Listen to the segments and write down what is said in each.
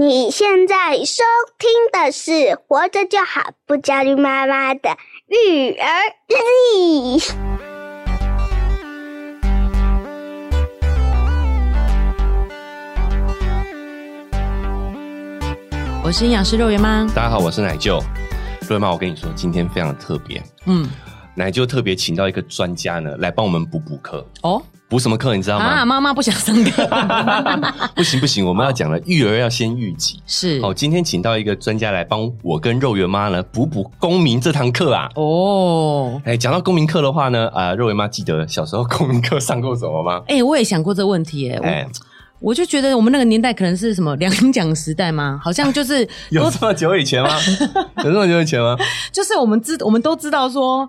你現在收聽的是《活着就好》不媽媽，不焦慮媽媽的育兒日記。嗯。我是營養師肉圓媽，大家好，我是奶舅。肉圓媽，我跟你說，今天非常特別。嗯，奶舅特別請到一個專家呢，來幫我們補補課。哦。補什麼課你知道嗎、啊？媽媽不想上課 媽媽媽。不行不行，我們要講了， 育兒要先育己。是，好，今天請到一個專家來幫我跟肉圓媽呢補補公民這堂課啊。哦，哎、欸，講到公民課的話呢，啊、呃，肉圓媽記得小時候公民課上過什麼嗎？哎、欸，我也想過這個問題哎、欸，哎、欸，我就覺得我們那個年代可能是什麼兩蔣時代嗎？好像就是有這麼久以前嗎？ 有這麼久以前嗎？就是我們知我們都知道說。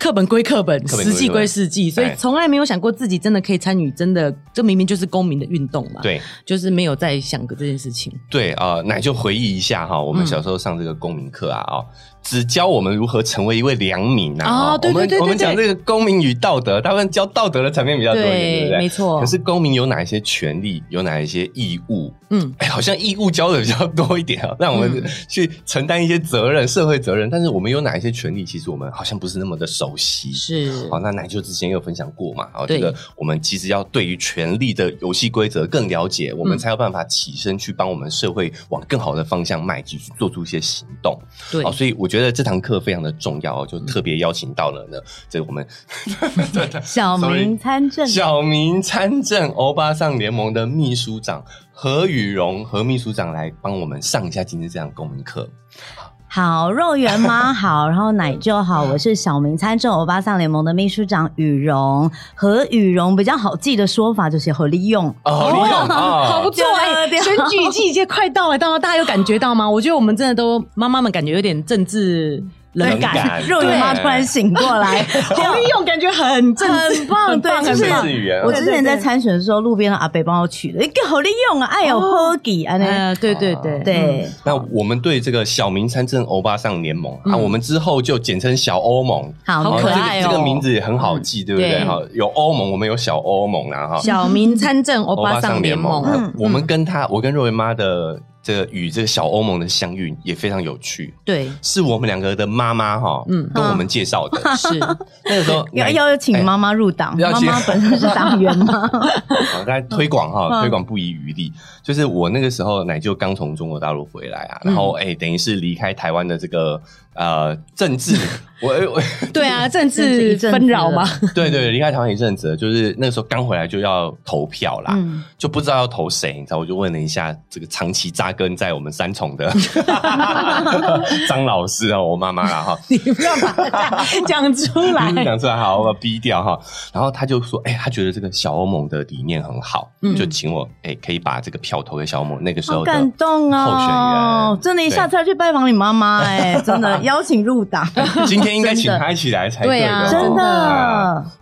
課本歸課本，課本課實際歸實際課本課本。所以從來沒有想過自己真的可以參與，真的這、哎、明明就是公民的運動嘛，對，就是沒有在想過這件事情。對啊、呃，那就回憶一下哈、哦，我們小時候上這個公民課啊，哦。嗯只教我們如何成為一位良民啊！哦、對對對對對我們我們講這個公民與道德，大部分教道德的層面比較多一點對，對不對？沒錯。可是公民有哪一些權利，有哪一些義務？嗯，欸、好像義務教的比較多一點啊、喔，讓我們去承擔一些責任、嗯，社會責任。但是我們有哪一些權利？其實我們好像不是那麼的熟悉。是。好，那奶舅之前也有分享過嘛？好，這個我們其實要對於權利的遊戲規則更了解、嗯，我們才有辦法起身去幫我們社會往更好的方向邁進，去做出一些行動。對。好，所以我。我覺得這堂課非常的重要，哦，就特別邀請到了呢，這、嗯、個我們 小民參政，小民參政歐巴桑聯盟的秘書長何語蓉，何秘書長來幫我們上一下今天這堂公民課。好，肉圓媽？好，然後奶就好。我是小民，參政歐巴桑聯盟的秘書長語蓉，何語蓉，比較好記的說法就是何利用哦，哦好不錯、啊欸。選舉季節快到了，到嗎？大家有感覺到嗎？ 我覺得我們真的都媽媽們感覺有點政治。冷感，肉圓媽突然醒過來，好利用，感覺很 很，棒很棒，對，是不是、啊？我之前在參選的時候，對對對路邊的阿北幫我取了一個好利用啊，哎呦，科技啊，那對對對對，對，對，對，對，對，對、嗯。那我們對這個小民參政歐巴桑聯盟、嗯、啊，我們之後就簡稱小歐盟、嗯好這個，好可愛哦、喔，這個名字也很好記，嗯、對不對？對有歐盟，我們有小歐盟了哈。小民參政歐巴桑聯盟，聯盟、嗯啊，我們跟他，嗯、我跟肉圓媽的。這個與這個小歐盟的相遇也非常有趣，對，是我們兩個的媽媽哈、哦，嗯，跟我們介紹的，啊、是那個時候要邀請媽媽入黨、哎要請，媽媽本身是黨員嗎？ 好，剛才推廣哈、哦嗯，推廣不遺餘力，就是我那個時候奶舅剛從中國大陸回來啊，嗯、然後誒、哎，等於是離開台灣的這個。呃，政治，我我對啊，政治紛擾嘛，對對，對，離開台灣一陣子，就是那個時候剛回來就要投票啦、嗯，就不知道要投誰，你知道，我就問了一下這個長期扎根在我們三重的 張老師啊，我媽媽啊，哈， 你不要把他講， 講出來， 講出來好，我把它逼掉哈，然後他就說，哎、欸，他覺得這個小歐盟的理念很好，嗯、就請我哎、欸、可以把這個票投給小歐盟那個時候的候選人，好感動哦，真的一下子要去拜訪你媽媽、欸，哎，真的。 邀請入黨， 今天應該請他一起來才對，對啊，啊！真的。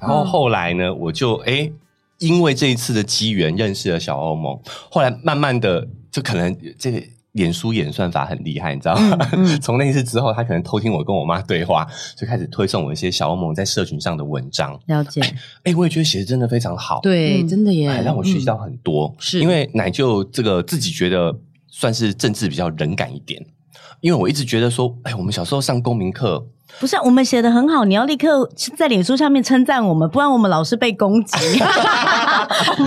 然後後來呢，嗯、我就哎、欸，因為這一次的機緣認識了小歐盟，後來慢慢的，就可能這個臉書演算法很厲害，你知道嗎？從、嗯嗯、那一次之後，他可能偷聽我跟我媽對話，就開始推送我一些小歐盟在社群上的文章。了解。哎、欸欸，我也覺得寫的真的非常好，對，真的也讓我學習到很多。嗯、是因為奶舅這個自己覺得算是政治比較冷感一點。因為我一直覺得說，哎，我們小時候上公民課，不是、啊、我們寫得很好，你要立刻在臉書上面稱讚我們，不然我們老是被攻擊，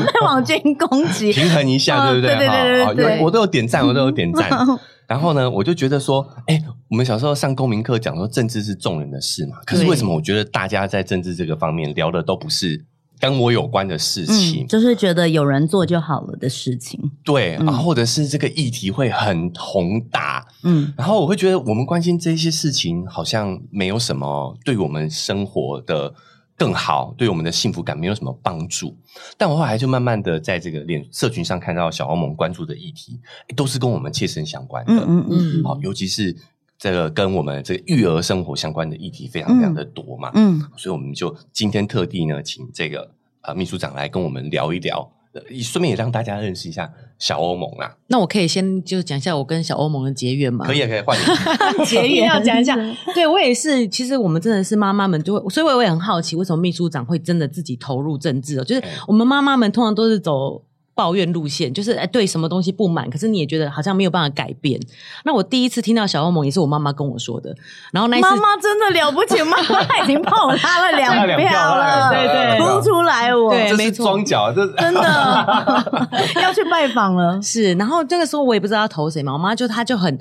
被網軍攻擊、哦，平衡一下，對不對、哦？對對對對，對，我都有點讚，我都有點讚、嗯。然後呢，我就覺得說，哎，我們小時候上公民課講說政治是眾人的事嘛，可是為什麼我覺得大家在政治這個方面聊的都不是？跟我有關的事情，嗯，就是覺得有人做就好了的事情。對，啊，嗯，或者是這個議題會很宏大，嗯，然後我會覺得我們關心這些事情好像沒有什麼對我們生活的更好，對我們的幸福感沒有什麼幫助。但我後來就慢慢的在這個臉社群上看到小歐盟關注的議題，都是跟我們切身相關的，嗯嗯，好，嗯，尤其是。這個跟我們這個育兒生活相關的議題非常非常的多嘛嗯，嗯，所以我們就今天特地呢，請這個啊秘書長來跟我們聊一聊，順便也讓大家認識一下小歐盟啊。那我可以先就講一下我跟小歐盟的結緣嗎？可以啊，可以換 結緣 要講一下。對我也是，其實我們真的是媽媽們就會，所以我也很好奇，為什麼秘書長會真的自己投入政治哦？就是我們媽媽們通常都是走。嗯抱怨路線就是哎，對什麼東西不滿，可是你也覺得好像沒有辦法改變。那我第一次聽到小歐盟也是我媽媽跟我說的，然後那次媽媽真的了不起， 媽媽已經幫我拉了兩票了，對對，哭出來我，我沒錯，裝腳真的 要去拜訪了。是，然後那個時候我也不知道要投誰嘛，我媽就她就很。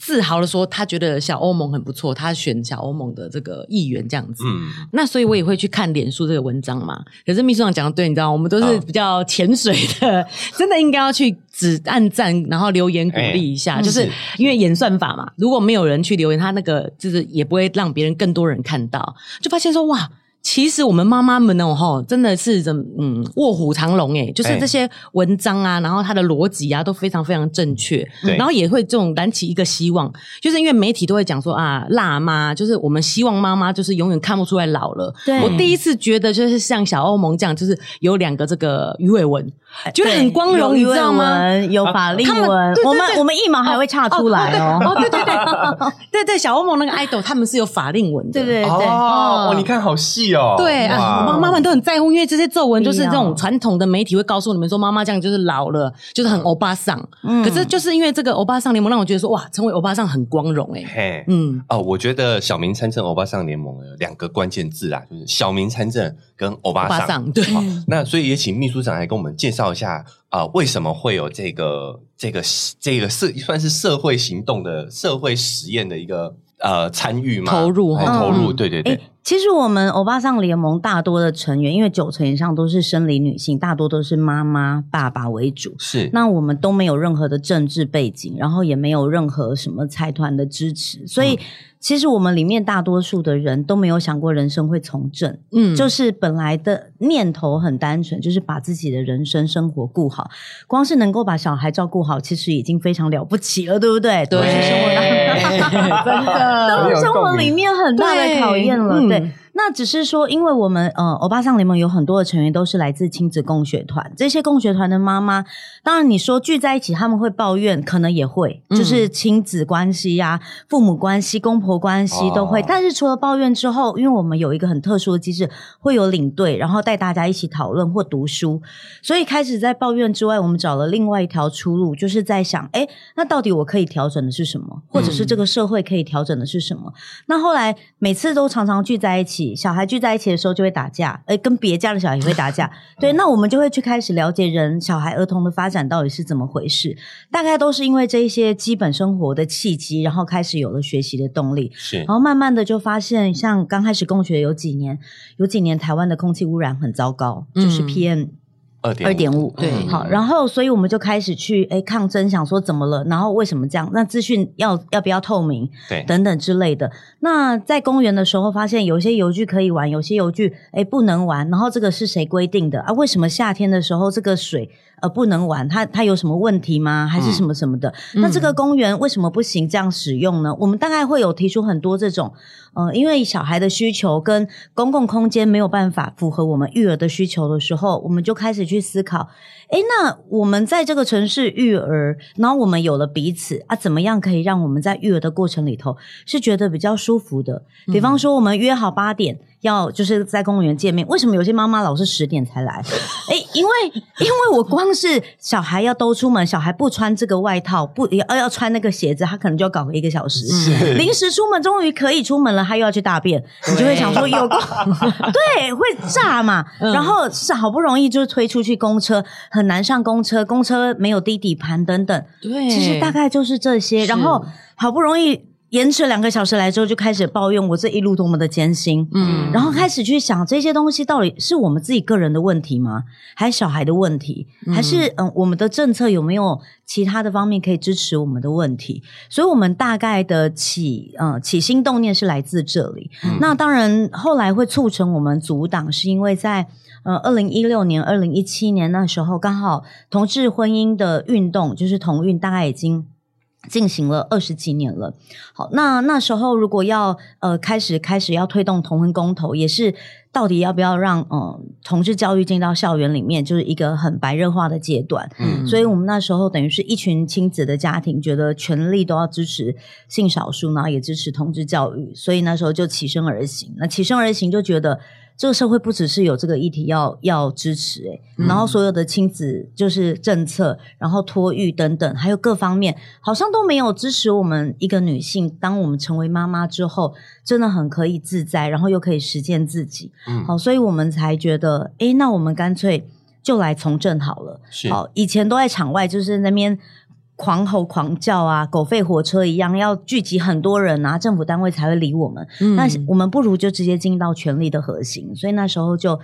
自豪的說，他覺得小歐盟很不錯，他選小歐盟的這個議員這樣子。嗯，那所以我也會去看臉書這個文章嘛。可是秘書長講的對，你知道，我們都是比較潛水的，哦、真的應該要去只按贊，然後留言鼓勵一下、哎，就是因為演算法嘛。如果沒有人去留言，他那個就是也不會讓別人更多人看到，就發現說哇，其實我們媽媽們呢，吼，真的是，嗯，臥虎藏龍哎，就是這些文章啊，哎、然後它的邏輯啊都非常非常正確，然後也會這種燃起一個希望，就是因為媒體都會講說啊，辣媽就是我們希望媽媽就是永遠看不出來老了。對。我第一次覺得就是像小歐盟這樣，就是有兩個這個魚尾紋。覺得很光榮，你知道嗎？啊、有法令紋，我們我們一毛還會差出來哦，哦，哦。對對對， 對，對對，小歐夢那個愛豆他們是有法令紋的，對對對。哦，哦哦你看好細哦。對啊，媽媽們慢慢都很在乎，因為這些皺紋就是這種傳統的媒體會告訴你們說，媽媽這樣就是老了，就是很歐巴桑、嗯。可是就是因為這個歐巴桑聯盟，讓我覺得說哇，成為歐巴桑很光榮哎、欸。嘿，嗯，哦，我覺得小民參政歐巴桑聯盟有兩個關鍵字啦，就是小民參政跟歐巴，巴桑。對、哦。那所以也請秘書長來跟我們介紹。照一下啊、呃，為什麼會有這個、這個、這個社算是社會行動的社會實驗的一個。呃，參與嘛，投入哈，投入，哦投入嗯、對對對，對、欸。其實我們歐巴桑聯盟大多的成員，因為九成以上都是生理女性，大多都是媽媽、爸爸為主。是，那我們都沒有任何的政治背景，然後也沒有任何什麼財團的支持，所以、嗯、其實我們裡面大多數的人都沒有想過人生會從政。嗯，就是本來的念頭很單純，就是把自己的人生生活顧好，光是能夠把小孩照顧好，其實已經非常了不起了，對不對？對。 哈哈哈哈，真的都是生活裡面很大的考驗了，對。嗯，對。那只是說，因為我們呃，歐巴桑聯盟有很多的成員都是來自親子共學團，這些共學團的媽媽，當然你說聚在一起，他們會抱怨，可能也會，嗯、就是親子關係呀、啊、父母關係、公婆關係都會、哦。但是除了抱怨之後，因為我們有一個很特殊的機制，會有領隊，然後帶大家一起討論或讀書，所以開始在抱怨之外，我們找了另外一條出路，就是在想，哎，那到底我可以調整的是什麼，或者是這個社會可以調整的是什麼？嗯、那後來每次都常常聚在一起。小孩聚在一起的時候就會打架，欸、跟別家的小孩也會打架， 對，那我們就會去開始了解人小孩兒童的發展到底是怎麼回事，大概都是因為這一些基本生活的契機，然後開始有了學習的動力，是，然後慢慢的就發現，像剛開始共學有幾年，有幾年台灣的空氣污染很糟糕，嗯、就是 PM。二點五，對，好，然後，所以我們就開始去哎抗爭，想說怎麼了，然後為什麼這樣？那資訊要要不要透明？對，等等之類的。那在公園的時候，發現有些遊具可以玩，有些遊具哎不能玩，然後這個是誰規定的啊？為什麼夏天的時候這個水？呃，不能玩，他他有什麼問題嗎？還是什麼什麼的？嗯、那這個公園為什麼不行這樣使用呢、嗯？我們大概會有提出很多這種，呃，因為小孩的需求跟公共空間沒有辦法符合我們育兒的需求的時候，我們就開始去思考，哎、欸，那我們在這個城市育兒，然後我們有了彼此啊，怎麼樣可以讓我們在育兒的過程裡頭是覺得比較舒服的？嗯、比方說，我們約好八點。要就是在公園見面，為什麼有些媽媽老是十點才來？哎，因為因為我光是小孩要都出門，小孩不穿這個外套，不要要穿那個鞋子，他可能就要搞一個小時是。臨時出門，終於可以出門了，他又要去大便，你就會想說有個對會炸嘛？然後是好不容易就是推出去公車，很難上公車，公車沒有低底盤等等。對，其實大概就是這些。然後好不容易。延遲兩個小時來之後就開始抱怨我這一路多麼的艱辛，嗯，然後開始去想這些東西到底是我們自己個人的問題嗎？還是小孩的問題？嗯、還是嗯、呃，我們的政策有沒有其他的方面可以支持我們的問題？所以，我們大概的起嗯、呃、起心動念是來自這裡。嗯、那當然，後來會促成我們組黨，是因為在呃二零一六年、二零一七年那時候，剛好同志婚姻的運動就是同運，大概已經。進行了二十幾年了，好，那那時候如果要呃開始開始要推動同婚公投，也是到底要不要讓呃同志教育進到校園裡面，就是一個很白熱化的階段。嗯，所以我們那時候等於是一群親子的家庭，覺得全力都要支持性少數，然後也支持同志教育，所以那時候就起身而行。那起身而行就覺得。這個社會不只是有這個議題要要支持，欸，然後所有的親子就是政策，嗯，然後托育等等，還有各方面，好像都沒有支持我們一個女性，當我們成為媽媽之後，真的很可以自在，然後又可以實踐自己。嗯，好，所以我們才覺得，哎，那我們乾脆就來從政好了。是，好，以前都在場外，就是那邊。狂吼狂叫啊，狗吠火車一樣，要聚集很多人啊，政府單位才會理我們，嗯。那我們不如就直接進到權力的核心，所以那時候就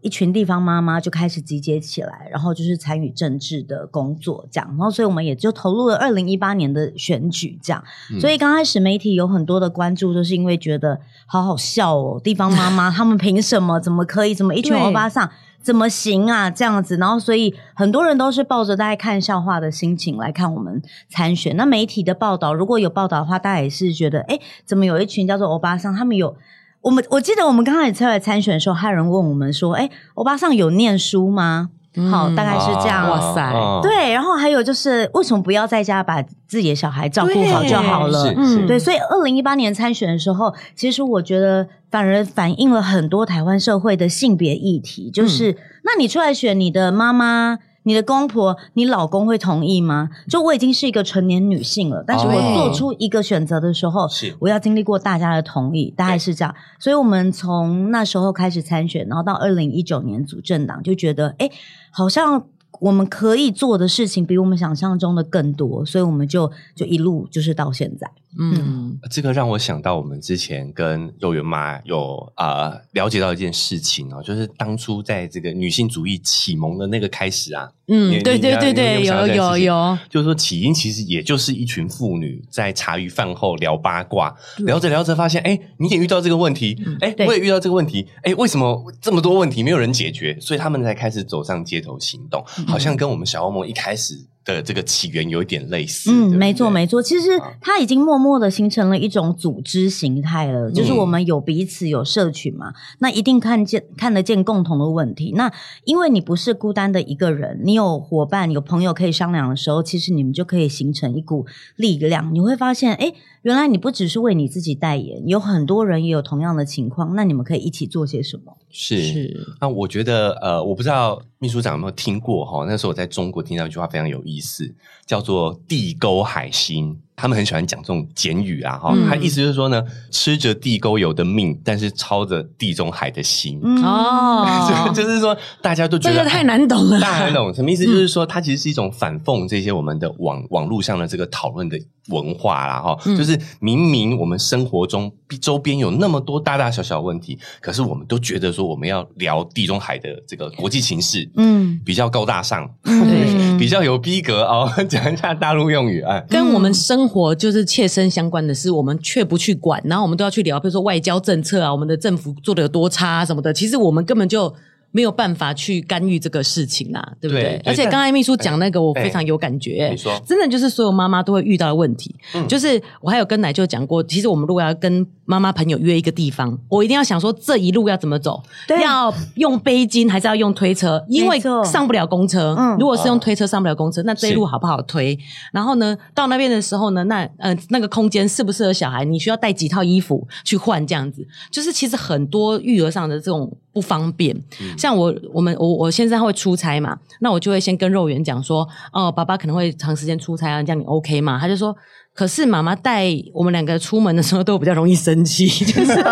一群地方媽媽就開始集結起來，然後就是參與政治的工作，這樣。然後，所以我們也就投入了二零一八年的選舉，這樣，嗯。所以剛開始媒體有很多的關注，就是因為覺得好好笑哦，地方媽媽他們憑什麼， 怎麼可以這麼一群歐巴桑？怎麼行啊？這樣子，然後所以很多人都是抱着大家看笑話的心情來看我們參選。那媒體的報道，如果有報道的話，大家也是覺得，哎、欸，怎麼有一群叫做歐巴桑？他們有我們，我記得我們剛開始出來參選的時候，還有人問我們說，哎、欸，歐巴桑有念書嗎、嗯？好，大概是這樣。啊、哇塞、啊，對。然後還有就是，為什麼不要在家把自己的小孩照顧好就好了？對，是是嗯、對，所以二零一八年參選的時候，其實我覺得。反而反映了很多台灣社會的性別議題，就是、嗯，那你出來選你的媽媽、你的公婆、你老公會同意嗎？就我已經是一個成年女性了，但是我做出一個選擇的時候，哦欸、我要經歷過大家的同意，大概是這樣。所以我們從那時候開始參選，然後到二零一九年組政黨，就覺得，誒、欸、好像。我們可以做的事情比我們想象中的更多，所以我們就就一路就是到現在嗯。嗯，這個讓我想到我們之前跟肉圓媽有啊、呃、了解到一件事情哦，就是當初在這個女性主義啟蒙的那個開始啊，嗯，對對對對，有有有，就是說起因其實也就是一群婦女在茶餘飯後聊八卦，聊着聊着發現，哎、欸，你也遇到這個問題，哎、嗯欸，我也遇到這個問題，哎、欸，為什麼這麼多問題沒有人解決？所以他們才開始走上街頭行動。好像跟我們小惡魔一開始的這個起源有一點類似。嗯，對對沒錯沒錯，其實它已經默默的形成了一種組織形態了。嗯，就是我們有彼此有社群嘛，那一定看見看得見共同的問題。那因為你不是孤單的一個人，你有夥伴有朋友可以商量的時候，其實你們就可以形成一股力量。你會發現，誒原來你不只是為你自己代言，有很多人也有同樣的情況。那你們可以一起做些什麼？是是。那、啊、我覺得，呃，我不知道秘書長有沒有聽過哈、哦。那時候我在中國聽到一句話非常有意思，叫做“地溝海星”。他們很喜歡講這種簡語啊，哈、嗯，他意思就是說呢，吃着地溝油的命，但是操着地中海的心，哦，就是說大家都覺得這太難懂了，太難懂。什麼意思？嗯、就是說它其實是一種反諷這些我們的網、嗯、網絡上的這個討論的文化了，哈、嗯，就是明明我們生活中周邊有那麼多大大小小問題，可是我們都覺得說我們要聊地中海的這個國際情勢，嗯，比較高大上，對、嗯，比較有逼格哦。講一下大陸用語啊，跟我們生。生活就是切身相關的事，我們卻不去管，然後我們都要去聊，比如說外交政策啊，我們的政府做的有多差啊，什麼的，其實我們根本就沒有辦法去干預這個事情啦，對不對？對對，而且剛才秘書講那個，我非常有感覺、欸，真的就是所有媽媽都會遇到的問題、嗯。就是我還有跟奶舅講過，其實我們如果要跟媽媽朋友約一個地方，我一定要想說這一路要怎麼走，對，要用背巾還是要用推車，因為上不了公車、嗯。如果是用推車上不了公車，嗯啊、那這一路好不好推？然後呢，到那邊的時候呢，那呃那個空間適不適合小孩？你需要帶幾套衣服去換？這樣子，就是其實很多育兒上的這種。不方便，像我我們我我先生會出差嘛，那我就會先跟肉圓講說，哦，爸爸可能會長時間出差啊，這樣你 OK 嘛？他就說，可是媽媽帶我們兩個出門的時候都比較容易生氣，就是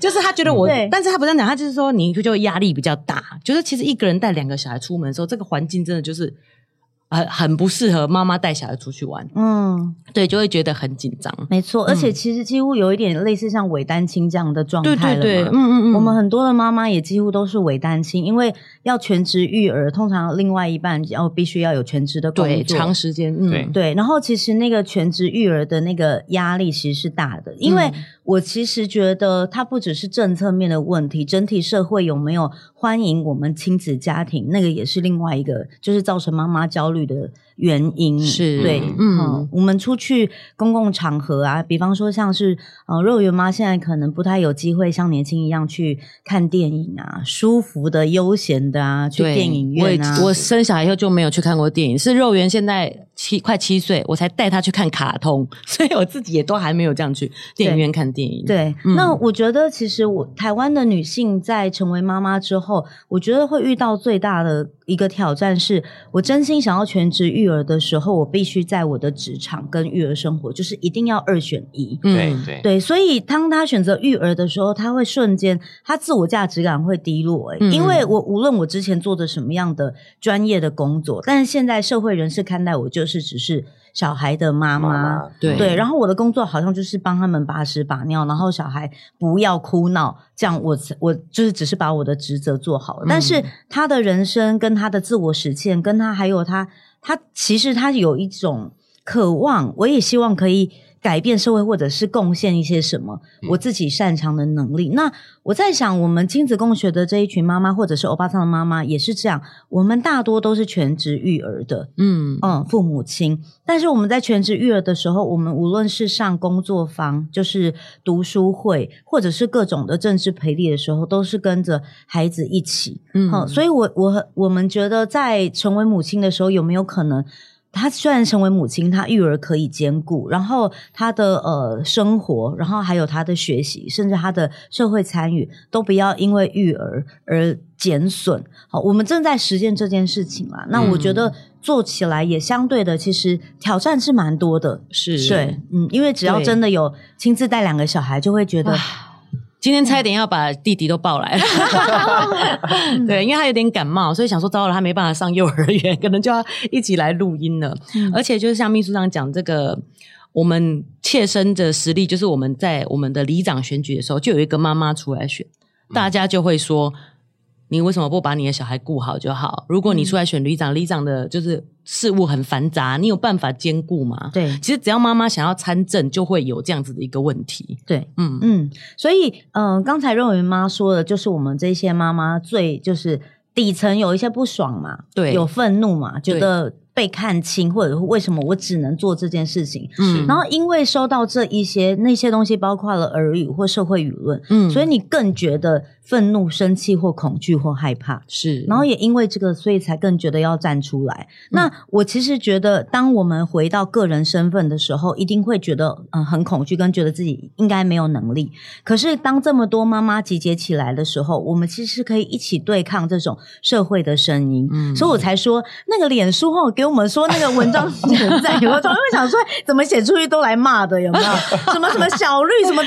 就是他覺得我， 但是他不這樣講，他就是說你就壓力比較大，就是其實一個人帶兩個小孩出門的時候，這個環境真的就是。很很不適合媽媽帶小孩出去玩，嗯，對，就會覺得很緊張，沒錯，而且其實幾乎有一點類似像偽單親這樣的狀態了嘛，對對對，嗯嗯嗯，我們很多的媽媽也幾乎都是偽單親，因為要全職育兒，通常另外一半要必須要有全職的工作，對長時間，嗯，對，對，然後其實那個全職育兒的那個壓力其實是大的，因為我其實覺得它不只是政策面的問題，整體社會有沒有歡迎我們親子家庭，那個也是另外一個，就是造成媽媽焦慮。的原因是，對，嗯、哦，我們出去公共場合啊，比方說像是、嗯、肉圓媽，現在可能不太有機會像年輕一樣去看電影啊，舒服的、悠閒的啊，去電影院啊我。我生小孩以後就沒有去看過電影，是肉圓現在七快七歲，我才帶他去看卡通，所以我自己也都還沒有這樣去電影院看電影。對，對嗯、那我覺得其實我台灣的女性在成為媽媽之後，我覺得會遇到最大的。一個挑戰是我真心想要全職育兒的時候，我必須在我的職場跟育兒生活，就是一定要二選一。嗯，對對對，所以當他選擇育兒的時候，他會瞬間他自我價值感會低落欸，嗯，因為我無論我之前做的什麼樣的專業的工作，但是現在社會人士看待我就是只是小孩的媽媽，媽，媽，對，對，然後我的工作好像就是幫他們把屎把尿，然後小孩不要哭鬧，這樣我我就是只是把我的職責做好了。嗯，但是他的人生跟他的自我實現，跟他還有他，他其實他有一種渴望，我也希望可以。改變社會或者是貢獻一些什麼，我自己擅長的能力。嗯，那我在想，我們親子共學的這一群媽媽，或者是歐巴桑的媽媽，也是這樣。我們大多都是全職育兒的，嗯，嗯，父母親。但是我們在全職育兒的時候，我們無論是上工作坊，就是讀書會，或者是各種的政治培力的時候，都是跟着孩子一起。嗯，嗯，所以我我我們覺得，在成為母親的時候，有沒有可能？她雖然成為母親，她育兒可以兼顧，然後她的呃生活，然後還有她的學習，甚至她的社會參與，都不要因為育兒而減損。好，我們正在實踐這件事情啦。那我覺得做起來也相對的，其實挑戰是蠻多的。是、對，嗯，嗯，因為只要真的有親自帶兩個小孩，就會覺得。今天差一點要把弟弟都抱來了，嗯， 對，因為他有點感冒，所以想說糟了，他沒辦法上幼兒園，可能就要一起來錄音了，嗯。而且就是像秘書長講這個，我們切身的實例，就是我們在我們的里長選舉的時候，就有一個媽媽出來選，大家就會說。嗯你為什麼不把你的小孩顧好就好？如果你出來選旅長，旅長的就是事務很繁雜，你有辦法兼顧嗎？對，其實只要媽媽想要參政，就會有這樣子的一個問題。對，嗯嗯，所以嗯、呃，剛才認為媽說的，就是我們這些媽媽最就是底層有一些不爽嘛，對，有憤怒嘛，覺得被看清或者為什麼我只能做這件事情？嗯，然後因為收到這一些那些東西，包括了耳語或社會輿論，嗯，所以你更覺得。憤怒、生氣或恐懼或害怕，是。然後也因為這個，所以才更覺得要站出來。嗯、那我其實覺得，當我們回到個人身份的時候，一定會覺得，嗯，很恐懼，跟覺得自己應該沒有能力。可是當這麼多媽媽集結起來的時候，我們其實是可以一起對抗這種社會的聲音。嗯。所以我才說，那個臉書後給我們說那個文章存在， 給我突然想說，怎麼寫出去都來罵的？有沒有？ 什麼什麼小綠，什麼側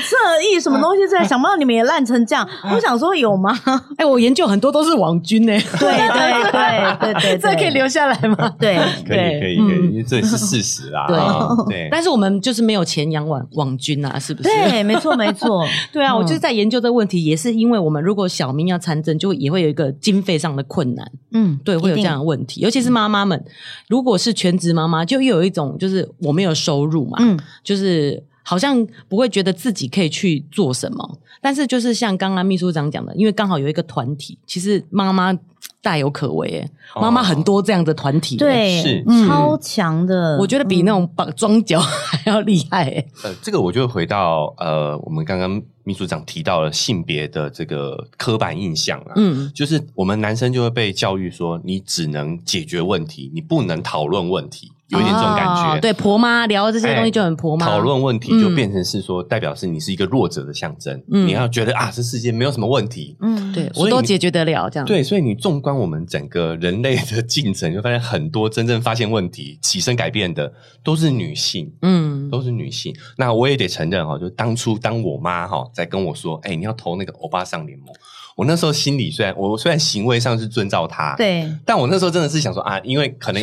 翼，什麼東西在？想不到你們也爛成這樣。 我想說。會有嗎？哎、欸，我研究很多都是網軍呢、欸。對對對對對，對， 這可以留下來嗎？ 對，可以可以可以，因為這也是事實啦。對、嗯、對，但是我們就是沒有錢養網網軍啊，是不是？對，沒錯沒錯。對啊、嗯，我就是在研究這個問題，也是因為我們如果小民要參政，就也會有一個經費上的困難。嗯，對，會有這樣的問題，尤其是媽媽們，如果是全職媽媽，就又有一種就是我沒有收入嘛。嗯，就是。好像不會覺得自己可以去做什麼，但是就是像剛剛秘書長講的，因為剛好有一個團體，其實媽媽大有可為，媽、哦、媽媽很多這樣的團體，對，是、嗯、超強的、嗯，我覺得比那種綁樁腳還要厲害。呃，這個我就回到呃，我們剛剛秘書長提到了性別的這個刻板印象啊，嗯，就是我們男生就會被教育說，你只能解決問題，你不能討論問題。有一點這種感覺，oh, oh, oh, oh, 對婆媽聊這些東西就很婆媽，討、欸、論問題就變成是說，嗯、代表是你是一個弱者的象徵、嗯。你要覺得啊，這世界沒有什麼問題，嗯，對我都解決得了這樣。對，所以你縱觀我們整個人類的進程，就發現很多真正發現問題、起身改變的都是女性，嗯，都是女性。那我也得承認哈，就當初當我媽哈在跟我說，哎、欸，你要投那個歐巴桑聯盟。我那時候心裡雖然我雖然行為上是遵照他，對，但我那時候真的是想說啊，因為可能一定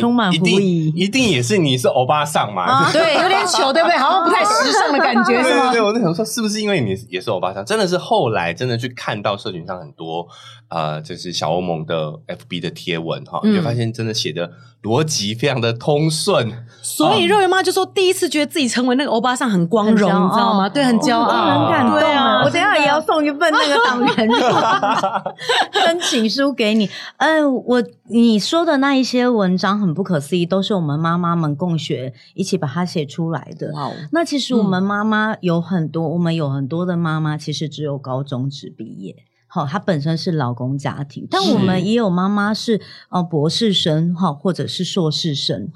充一定也是你是歐巴桑嘛、啊，對，有點糗，對不對？好像不太時尚的感覺，是嗎？ 對，對,對,對，我那時候說是不是因為你也是歐巴桑？真的是後來真的去看到社群上很多呃，就是小歐盟的 FB 的貼文哈、嗯，就發現真的寫的邏輯非常的通順，所以肉圓媽、嗯、就說第一次覺得自己成為那個歐巴桑很光榮，你知道嗎？哦、對，很驕傲、哦嗯嗯嗯嗯嗯嗯，很感動啊！對啊，我等一下也要送一份那個黨員 申請書給你，哎、欸，我你說的那一些文章很不可思議，都是我們媽媽們共學一起把它寫出來的。Wow. 那其實我們媽媽有很多，yeah. 我們有很多的媽媽其實只有高中職畢業，好，她本身是老公家庭，但我們也有媽媽是博士生或者是碩士生，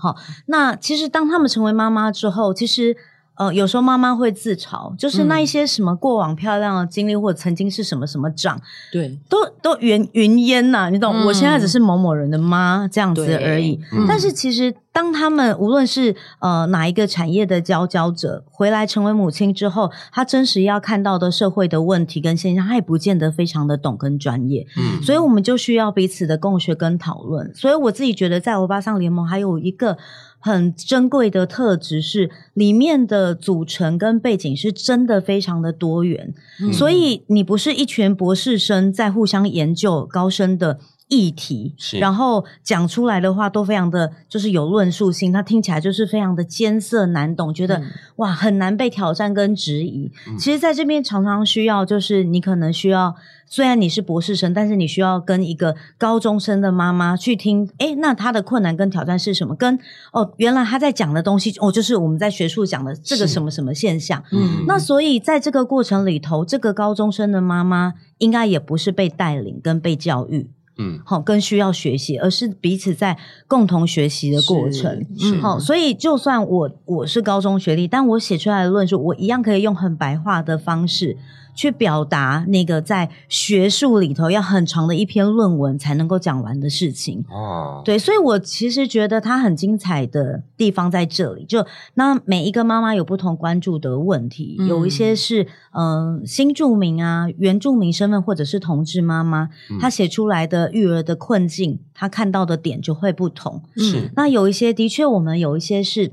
那其實當他們成為媽媽之後，其實。呃，有時候媽媽會自嘲，就是那一些什麼過往漂亮的經歷，嗯、或者曾經是什麼什麼長，對，都都雲雲煙吶、啊，你懂、嗯。我現在只是某某人的媽這樣子而已。但是其實，當他們無論是呃哪一個產業的佼佼者，回來成為母親之後，他真實要看到的社會的問題跟現象，他也不見得非常的懂跟專業。嗯、所以我們就需要彼此的共學跟討論。所以我自己覺得，在歐巴桑聯盟還有一個。很珍貴的特質是，裡面的組成跟背景是真的非常的多元，嗯，所以你不是一群博士生在互相研究高深的議題是，然後講出來的話都非常的就是有論述性，他聽起來就是非常的艱澀難懂，覺得、嗯、哇，很難被挑戰跟質疑。嗯、其實，在這邊常常需要，就是你可能需要，雖然你是博士生，但是你需要跟一個高中生的媽媽去聽，誒，那他的困難跟挑戰是什麼？跟哦，原來他在講的東西，哦，就是我們在學術講的這個什麼什麼現象。嗯，那所以在這個過程裡頭，這個高中生的媽媽應該也不是被帶領跟被教育。嗯，好，更需要學習，而是彼此在共同學習的過程。嗯，好，所以就算我我是高中學歷，但我寫出來的論述，我一樣可以用很白話的方式。嗯去表達那個在學術裡頭要很長的一篇論文才能夠講完的事情哦，oh. 對，所以我其實覺得它很精彩的地方在這裡，就那每一個媽媽有不同關注的問題，嗯、有一些是嗯、呃、新住民啊、原住民身份或者是同志媽媽、嗯，她寫出來的育兒的困境，她看到的點就會不同。是，那有一些的確，我們有一些是。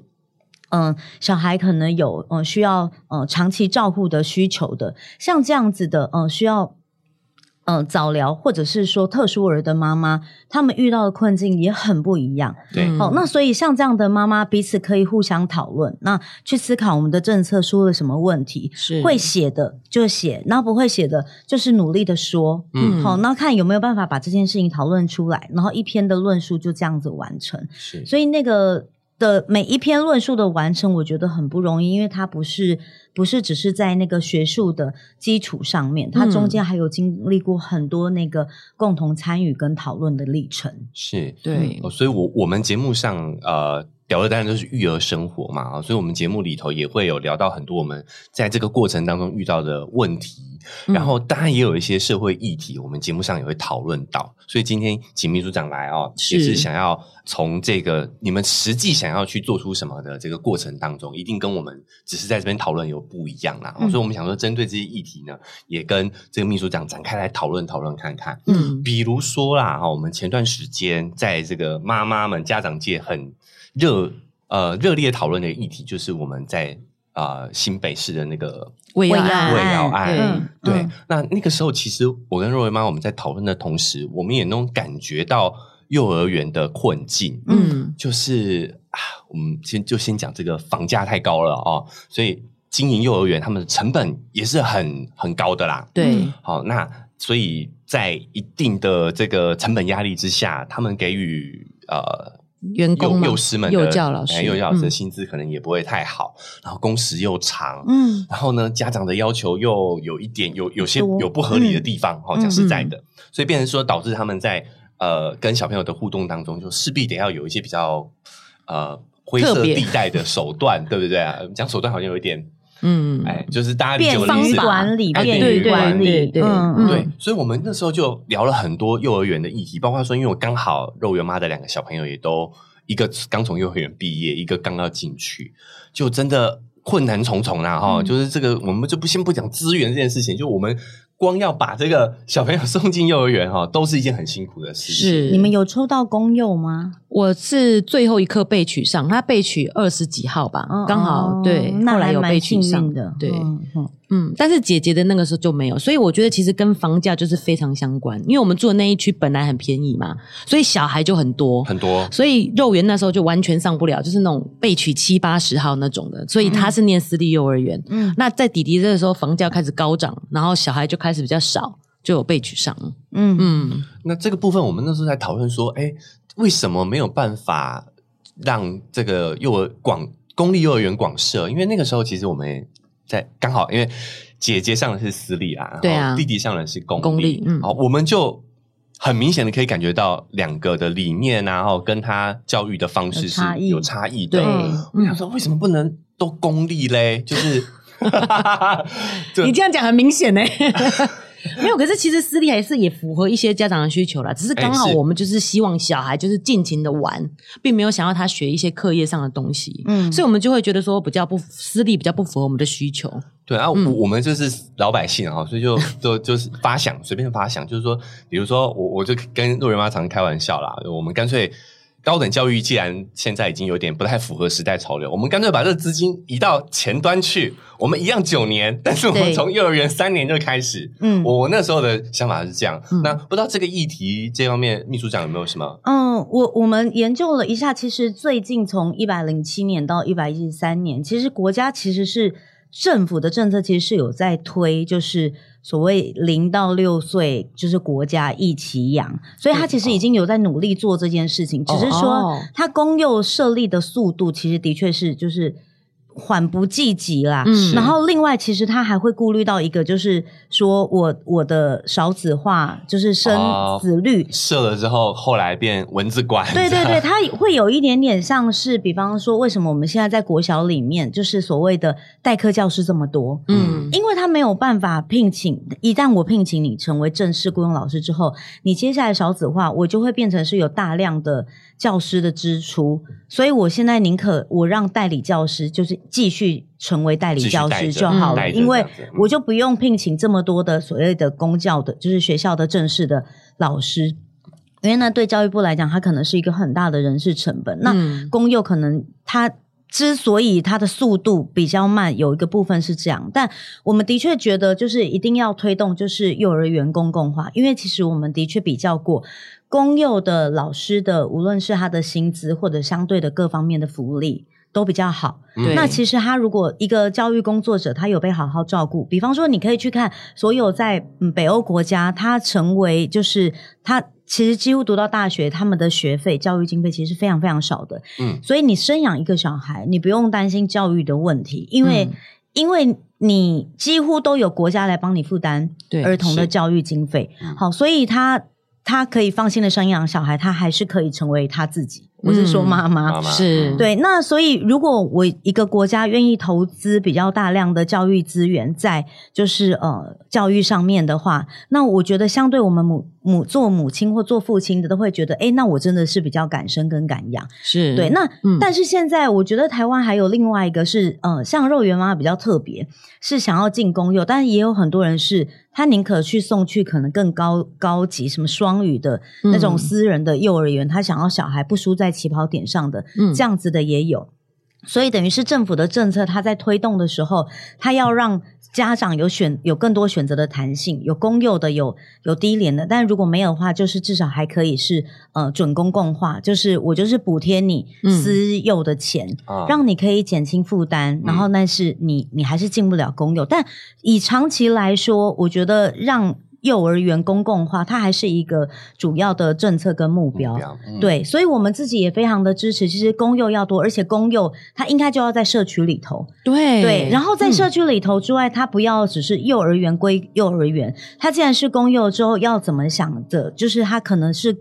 嗯、呃，小孩可能有呃需要呃長期照顧的需求的，像這樣子的呃需要呃早療或者是說特殊兒的媽媽，他們遇到的困境也很不一樣。對，好、哦，那所以像這樣的媽媽彼此可以互相討論，那去思考我們的政策出了什麼問題，是會寫的就寫，然後不會寫的就是努力的說，嗯，好、哦，那看有沒有辦法把這件事情討論出來，然後一篇的論述就這樣子完成。是，所以那個。的每一篇論述的完成，我覺得很不容易，因為它不是不是只是在那個學術的基礎上面，它中間還有經歷過很多那個共同參與跟討論的歷程。嗯，是，對。哦，所以我我們節目上呃。聊的當然都是育兒生活嘛啊，所以我們節目裡頭也會有聊到很多我們在這個過程當中遇到的問題，嗯、然後當然也有一些社會議題，我們節目上也會討論到。所以今天請秘書長來哦，也是想要從這個你們實際想要去做出什麼的這個過程當中，一定跟我們只是在這邊討論有不一樣啦。嗯、所以，我們想說，針對這些議題呢，也跟這個秘書長展開來討論討論看看。嗯，比如說啦，我們前段時間在這個媽媽們家長界很。熱呃熱烈討論的議題就是我們在啊、呃、新北市的那個餵藥、餵藥案，餵藥案，餵藥案、嗯、對、嗯、那那個時候其實我跟若薇媽我們在討論的同時，我們也能感覺到幼兒園的困境。嗯，就是啊，我們先就先講這個房價太高了哦，所以經營幼兒園他們的成本也是很很高的啦。對、嗯，好，那所以在一定的這個成本壓力之下，他們給予呃。員工、幼幼師們的幼教老師、呃、幼教老師的薪資可能也不會太好、嗯，然後工時又長，嗯，然後呢，家長的要求又有一點有有些有不合理的地方，好、哦哦嗯、講實在的，所以變成說導致他們在呃跟小朋友的互動當中，就勢必得要有一些比較呃灰色地帶的手段，對不對啊？講手段好像有一點。嗯，哎，就是大家久而久之，便於管理，啊、便於管理、理，對對對、嗯，對，所以我們那時候就聊了很多幼兒園的議題，嗯、包括說，因為我剛好肉圓媽的兩個小朋友也都一個剛從幼兒園畢業，一個剛要進去，就真的困難重重啦、啊。哈、嗯，就是這個，我們就不先不講資源這件事情，就我們。光要把這個小朋友送進幼兒園哈，都是一件很辛苦的事情。是你們有抽到公幼嗎？我是最後一刻被取上，他被取二十幾號吧，剛、嗯、好、嗯、對、嗯，後來有被取上的。對。嗯嗯嗯，但是姐姐的那個時候就沒有，所以我覺得其實跟房價就是非常相關，因為我們住的那一區本來很便宜嘛，所以小孩就很多很多，所以肉圓那時候就完全上不了，就是那種備取七八十號那種的，所以他是念私立幼兒園。嗯，那在弟弟這個時候，房價開始高漲、嗯，然後小孩就開始比較少，就有備取上了。嗯嗯，那這個部分我們那時候在討論說，哎，為什麼沒有辦法讓這個幼兒廣公立幼兒園廣設？因為那個時候其實我們。在剛好，因為姐姐上的是私立啊，對啊，弟弟上的是公，公立，嗯，好我們就很明顯的可以感覺到兩個的理念，啊，然後跟他教育的方式是有差異的。對嗯、我們想說，為什麼不能都公立嘞？就是哈哈哈，你這樣講很明顯呢、欸。 沒有，可是其實私立還是也符合一些家長的需求啦。只是剛好我們就是希望小孩就是盡情的玩，欸，並沒有想要他學一些課業上的東西，嗯，所以我們就會覺得說比較不私立比較不符合我們的需求。對啊、嗯，我們就是老百姓啊，所以就就就，就是發想，隨 便發想，就是說，比如說我我就跟肉圓媽常開玩笑啦，我們乾脆，高等教育既然現在已經有點不太符合時代潮流，我們乾脆把這個資金移到前端去，我們一樣九年，但是我們從幼兒園三年就開始。嗯，我我那時候的想法是這樣。嗯，那不知道這個議題這方面，秘書長有沒有什麼？嗯，我我們研究了一下，其實最近從一百零七年到一百一十三年，其實國家其實是政府的政策，其實是有在推，就是。所謂零到六歲，就是國家一起養，所以他其實已經有在努力做這件事情，只是說他公幼設立的速度其實的確是就是。緩不濟急啦、嗯，然後另外其實他還會顧慮到一個，就是說我我的少子化就是生子率，哦，設了之後，後來變蚊子館，對對對， 他會有一點點像是，比方說為什麼我們現在在國小裡面就是所謂的代課教師這麼多？嗯，因為他沒有辦法聘請，一旦我聘請你成為正式雇傭老師之後，你接下來少子化，我就會變成是有大量的。教師的支出，所以我現在寧可我讓代理教師就是繼續成為代理教師就好了，嗯嗯、因為我就不用聘請這麼多的所謂的公教的，就是學校的正式的老師，因為呢，對教育部來講，它可能是一個很大的人事成本。嗯、那公幼可能它之所以它的速度比較慢，有一個部分是這樣，但我們的確覺得就是一定要推動就是幼兒園公共化，因為其實我們的確比較過。公幼的老師的，無論是他的薪資或者相對的各方面的福利都比較好。那其實他如果一個教育工作者，他有被好好照顧。比方說，你可以去看所有在、嗯、北歐國家，他成為就是他其實幾乎讀到大學，他們的學費教育經費其實是非常非常少的。嗯，所以你生養一個小孩，你不用擔心教育的問題，因為、嗯、因為你幾乎都有國家來幫你負擔兒童的教育經費。好，所以他。他可以放心的生養小孩，他還是可以成為他自己。嗯、我是說媽媽，是，對。那所以，如果我一個國家願意投資比較大量的教育資源在就是呃教育上面的話，那我覺得相對我們母母做母親或做父親的都會覺得，哎、欸，那我真的是比較敢生跟敢養。是對。那、嗯、但是現在我覺得台灣還有另外一個是呃，像肉圓媽媽比較特別，是想要進公幼，但是也有很多人是。他寧可去送去可能更高高級什麼雙語的、嗯、那種私人的幼兒園，他想要小孩不輸在起跑點上的、嗯、這樣子的也有，所以等於是政府的政策，他在推動的時候，他要讓。家長有選有更多選擇的彈性，有公幼的，有有低廉的。但如果沒有的話，就是至少還可以是呃準公共化，就是我就是補貼你私幼的錢、嗯，讓你可以減輕負擔。啊、然後，但是你你還是進不了公幼、嗯。但以長期來說，我覺得讓。幼兒園公共化，它還是一個主要的政策跟目標，目標嗯、對，所以我們自己也非常的支持。其實公幼要多，而且公幼它應該就要在社區裡頭。對對，然後在社區裡頭之外、嗯，它不要只是幼兒園歸幼兒園。它既然是公幼之後，要怎麼想的？就是它可能是，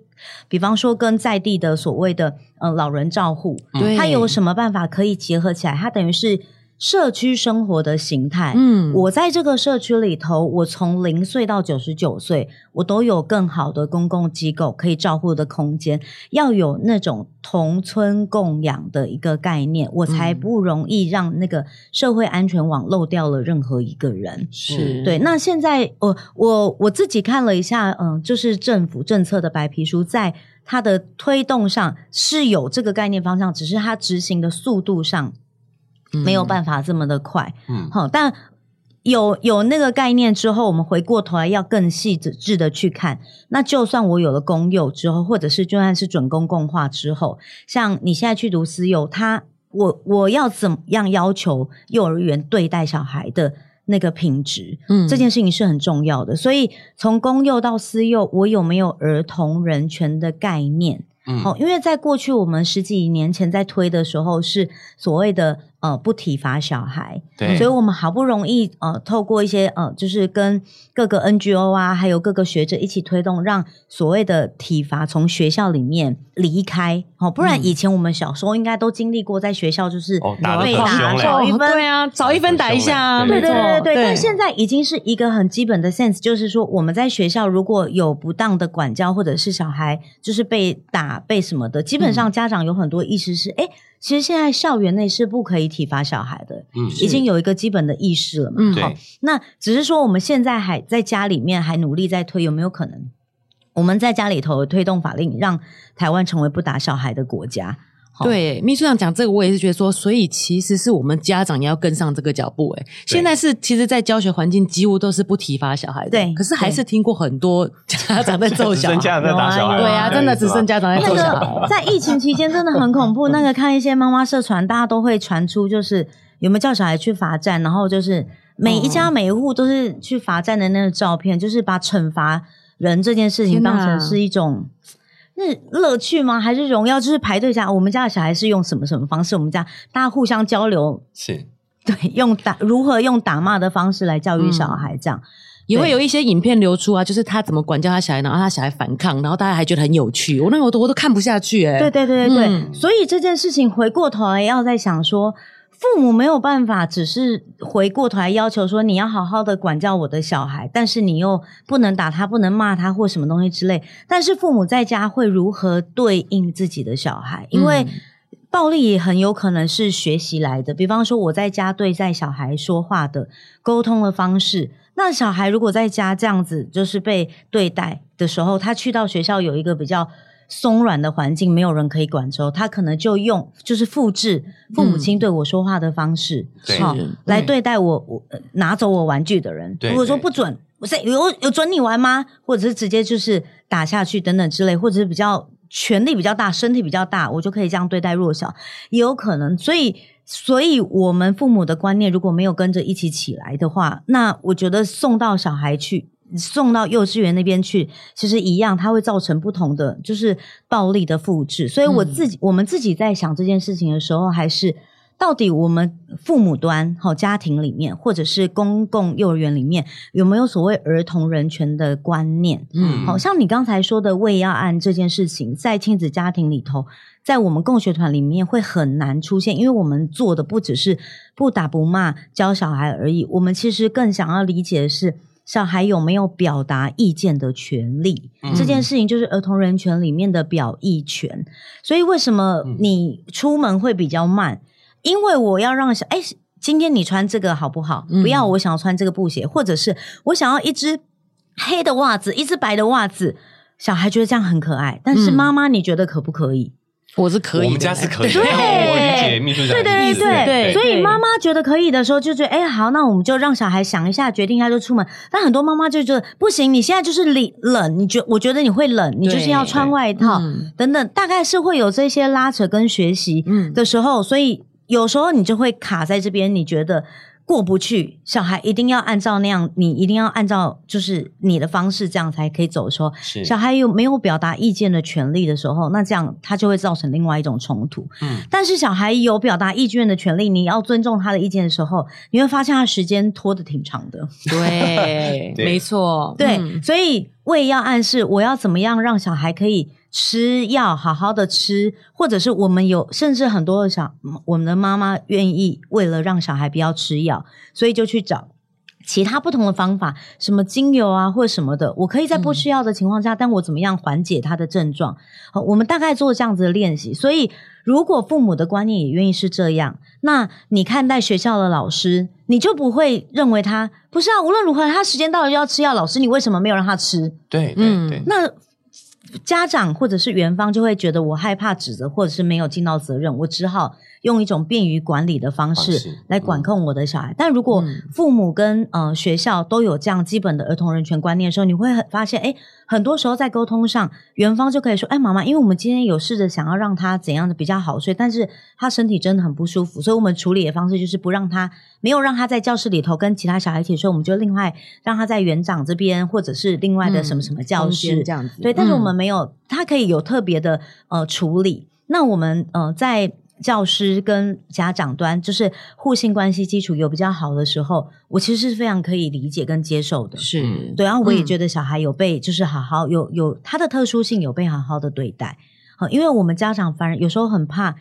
比方說跟在地的所謂的呃老人照護，它有什麼辦法可以結合起來？它等於是。社區生活的形態，嗯，我在這個社區裡頭，我從零歲到九十九歲，我都有更好的公共機構可以照顧的空間。要有那種同村共養的一個概念，我才不容易讓那個社會安全網漏掉了任何一個人。嗯、是對。那現在我我我自己看了一下，嗯，就是政府政策的白皮書，在它的推動上是有這個概念方向，只是它執行的速度上。沒有辦法這麼的快，嗯，好，嗯，但有有那個概念之後，我們回過頭來要更細緻的去看。那就算我有了公幼之後，或者是就算是準公共化之後，像你現在去讀私幼，他我我要怎麼樣要求幼兒園對待小孩的那個品質？嗯，這件事情是很重要的。所以從公幼到私幼，我有沒有兒童人權的概念？嗯，因為在過去我們十幾年前在推的時候是所謂的。呃，不體罰小孩，對，所以我們好不容易呃，透過一些呃，就是跟各個 NGO 啊，還有各個學者一起推動，讓所謂的體罰從學校裡面離開。哦、不然以前我們小時候應該都經歷過，在學校就是被打，少一分，對啊，少一分打一下。對，對對對對，對。但現在已經是一個很基本的 sense，就是說我們在學校如果有不當的管教，或者是小孩就是被打被什麼的，基本上家長有很多意識是，哎、嗯。其實現在校園內是不可以體罰小孩的，嗯，已經有一個基本的意識了嘛。哦，那只是說我們現在還在家裡面還努力在推，有沒有可能我們在家裡頭推動法令，讓台灣成為不打小孩的國家？對，秘書長講這個，我也是覺得說，所以其實是我們家長也要跟上這個腳步，欸。誒。現在是其實，在教學環境幾乎都是不體罰小孩的，對，可是還是聽過很多家長在揍小孩， 小孩對啊，這個，真的只剩家長在揍小孩。那個在疫情期間真的很恐怖。 那個看一些媽媽社團，大家都會傳出就是有沒有叫小孩去罰站，然後就是每一家每一戶都是去罰站的那個照片，嗯、就是把懲罰人這件事情當成是一種。那是樂趣嗎？還是榮耀？就是排隊下，我們家的小孩是用什麼什麼方式？我們家大家互相交流，是，對，用打，如何用打罵的方式來教育小孩，這樣、嗯、也會有一些影片流出啊，就是他怎麼管教他小孩，然後他小孩反抗，然後大家還覺得很有趣，我那我都我都看不下去哎、欸！對對對對對、嗯，所以這件事情回過頭來要再想說。父母沒有辦法，只是回過頭要求說：“你要好好的管教我的小孩。”但是你又不能打他，不能罵他，或什麼東西之類。但是父母在家會如何對應自己的小孩？因為暴力也很有可能是學習來的。嗯、比方說，我在家對待小孩說話的溝通的方式，那小孩如果在家這樣子就是被對待的時候，他去到學校有一個比較。鬆軟的環境，沒有人可以管之後，他可能就用就是複制父母親對我說話的方式，嗯、好來對待我對我拿走我玩具的人。如果對對對說不准，不是有有準你玩嗎？或者是直接就是打下去等等之類，或者是比較權力比較大、身體比較大，我就可以這樣對待弱小，也有可能。所以，所以我們父母的觀念如果沒有跟着一起起來的話，那我覺得送到小孩去。送到幼稚園那邊去，其實一樣，它會造成不同的就是暴力的複制。所以我自己，嗯、我們自己在想這件事情的時候，還是到底我們父母端、好、哦、家庭裡面，或者是公共幼兒園裡面，有沒有所謂兒童人權的觀念？嗯，好像你剛才說的餵藥案這件事情，在親子家庭裡頭，在我們共學團裡面會很難出現，因為我們做的不只是不打不罵教小孩而已，我們其實更想要理解的是。小孩有沒有表達意見的權利？嗯，這件事情就是兒童人權裡面的表意權。所以為什麼你出門會比較慢？嗯，因為我要讓小哎，欸，今天你穿這個好不好？不要，我想要穿這個布鞋，嗯，或者是我想要一隻黑的襪子，一隻白的襪子。小孩覺得這樣很可愛，但是媽媽，你覺得可不可以？嗯我是可以，我們家是可以，對，對，我理解，對對對，所以媽媽覺得可以的時候，就覺得哎好，那我們就讓小孩想一下，決定一下就出門。但很多媽媽就覺得不行，你現在就是冷，你覺我覺得你會冷對，你就是要穿外套對、嗯、等等，大概是會有這些拉扯跟學習的時候，嗯、所以有時候你就會卡在這邊，你覺得。過不去，小孩一定要按照那樣，你一定要按照就是你的方式，這樣才可以走的時候，說小孩有沒有表達意見的權利的時候，那這樣他就會造成另外一種衝突、嗯。但是小孩有表達意見的權利，你要尊重他的意見的時候，你會發現他時間拖得挺長的。對， 對沒錯，對，嗯、所以我也要暗示我要怎麼樣讓小孩可以，吃藥好好的吃，或者是我們有，甚至很多的小，我們的媽媽願意為了讓小孩不要吃藥，所以就去找其他不同的方法，什麼精油啊或者什麼的。我可以在不需要的情況下、嗯，但我怎麼樣緩解他的症狀？好，我們大概做這樣子的練習。所以，如果父母的觀念也願意是這樣，那你看待學校的老師，你就不會認為他不是啊。無論如何，他時間到了就要吃藥，老師你為什麼沒有讓他吃？對，對對、嗯。那。家長或者是園方就會覺得我害怕指責，或者是沒有盡到責任，我只好。用一種便於管理的方式來管控我的小孩，嗯、但如果父母跟呃學校都有這樣基本的兒童人權觀念的時候，你會很發現，哎，很多時候在溝通上，園方就可以說，哎，媽媽，因為我們今天有試着想要讓他怎樣的比較好睡，但是他身體真的很不舒服，所以我們處理的方式就是不讓他，沒有讓他在教室裡頭跟其他小孩一起睡，我們就另外讓他在園長這邊，或者是另外的什麼什麼教室、嗯、這樣子。對、嗯，但是我們沒有，他可以有特別的呃處理。那我們呃在。教師跟家長端就是互信關係基礎有比較好的時候，我其實是非常可以理解跟接受的，是對。然後，嗯，我也覺得小孩有被就是好好有有他的特殊性有被好好的對待，好、嗯，因為我們家長反而有時候很怕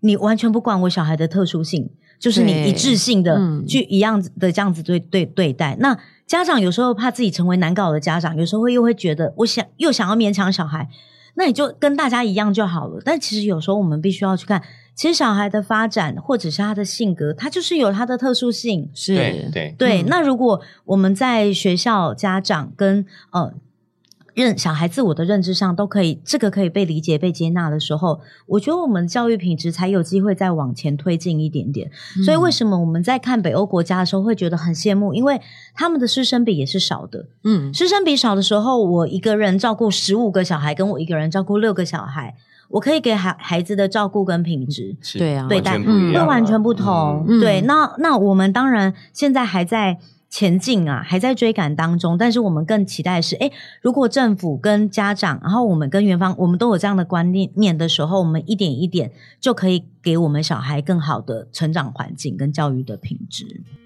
你完全不管我小孩的特殊性，就是你一致性的去一樣的這樣子對對對待。那家長有時候怕自己成為難搞的家長，有時候會又會覺得我想又想要勉強小孩，那你就跟大家一樣就好了。但其實有時候我們必須要去看。其實小孩的發展，或者是他的性格，他就是有他的特殊性。是，對對。嗯。那如果我們在學校、家長跟呃認小孩自我的認知上都可以，這個可以被理解、被接納的時候，我覺得我們教育品質才有機會再往前推進一點點。嗯。所以為什麼我們在看北歐國家的時候會覺得很羨慕？因為他們的師生比也是少的。嗯，師生比少的時候，我一個人照顧十五個小孩，跟我一個人照顧六個小孩。我可以給孩孩子的照顧跟品質，對啊，對，但會完全不同。嗯、對，嗯、那那我們當然現在還在前進啊，還在追趕當中。但是我們更期待是，哎、欸，如果政府跟家長，然後我們跟園方，我們都有這樣的觀念的時候，我們一點一點就可以給我們小孩更好的成長環境跟教育的品質。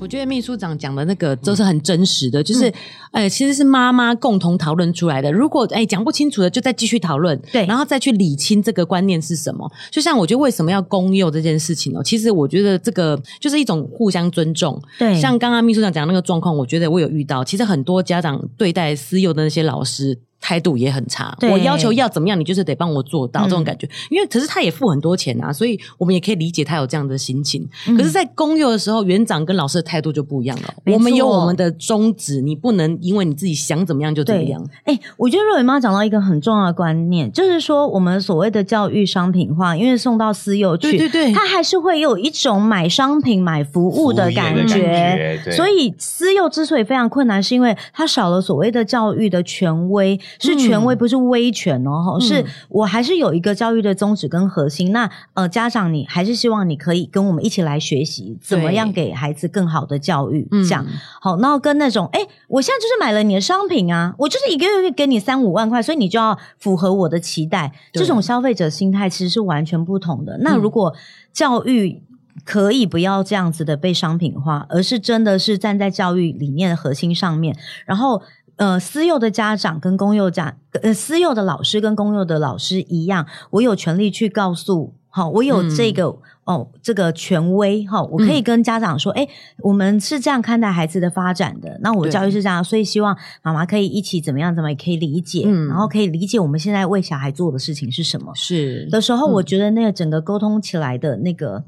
我覺得秘書長講的那個都是很真實的，嗯、就是，呃、嗯欸，其實是媽媽共同討論出來的。如果哎、欸、講不清楚的，就再繼續討論，對，然後再去理清這個觀念是什麼。就像我覺得為什麼要公幼這件事情哦，其實我覺得這個就是一種互相尊重。對，像剛剛秘書長講的那個狀況，我覺得我有遇到。其實很多家長對待私幼的那些老師。態度也很差。對，我要求要怎麼樣，你就是得幫我做到，嗯、這種感覺。因為可是他也付很多錢啊，所以我們也可以理解他有這樣的心情。嗯、可是，在公幼的時候，園長跟老師的態度就不一樣了。我們有我們的宗旨，你不能因為你自己想怎麼樣就怎麼樣。哎、欸，我覺得肉圓媽講到一個很重要的觀念，就是說我們所謂的教育商品化，因為送到私幼去，對對對，他還是會有一種買商品，買服務的感覺。感覺。對所以私幼之所以非常困難，是因為他少了所謂的教育的權威。是權威，不是威權哦。嗯、是，我還是有一個教育的宗旨跟核心。嗯、那呃，家長，你還是希望你可以跟我們一起來學習，怎麼樣給孩子更好的教育？這樣、嗯、好，然後跟那種，哎、欸，我現在就是買了你的商品啊，我就是一個月給你三五萬塊，所以你就要符合我的期待。這種消費者心態其實是完全不同的、嗯。那如果教育可以不要這樣子的被商品化，而是真的是站在教育理念的核心上面，然後。呃，私幼的家長跟公幼家，呃，私幼的老師跟公幼的老師一樣，我有權利去告訴，好、哦，我有這個、嗯、哦，這個權威哈、哦，我可以跟家長說，哎、嗯欸，我們是這樣看待孩子的發展的，那我教育是這樣，所以希望媽媽可以一起怎麼樣，怎麼也可以理解，嗯、然後可以理解我們現在為小孩做的事情是什麼。是的時候、嗯，我覺得那個整個溝通起來的那個。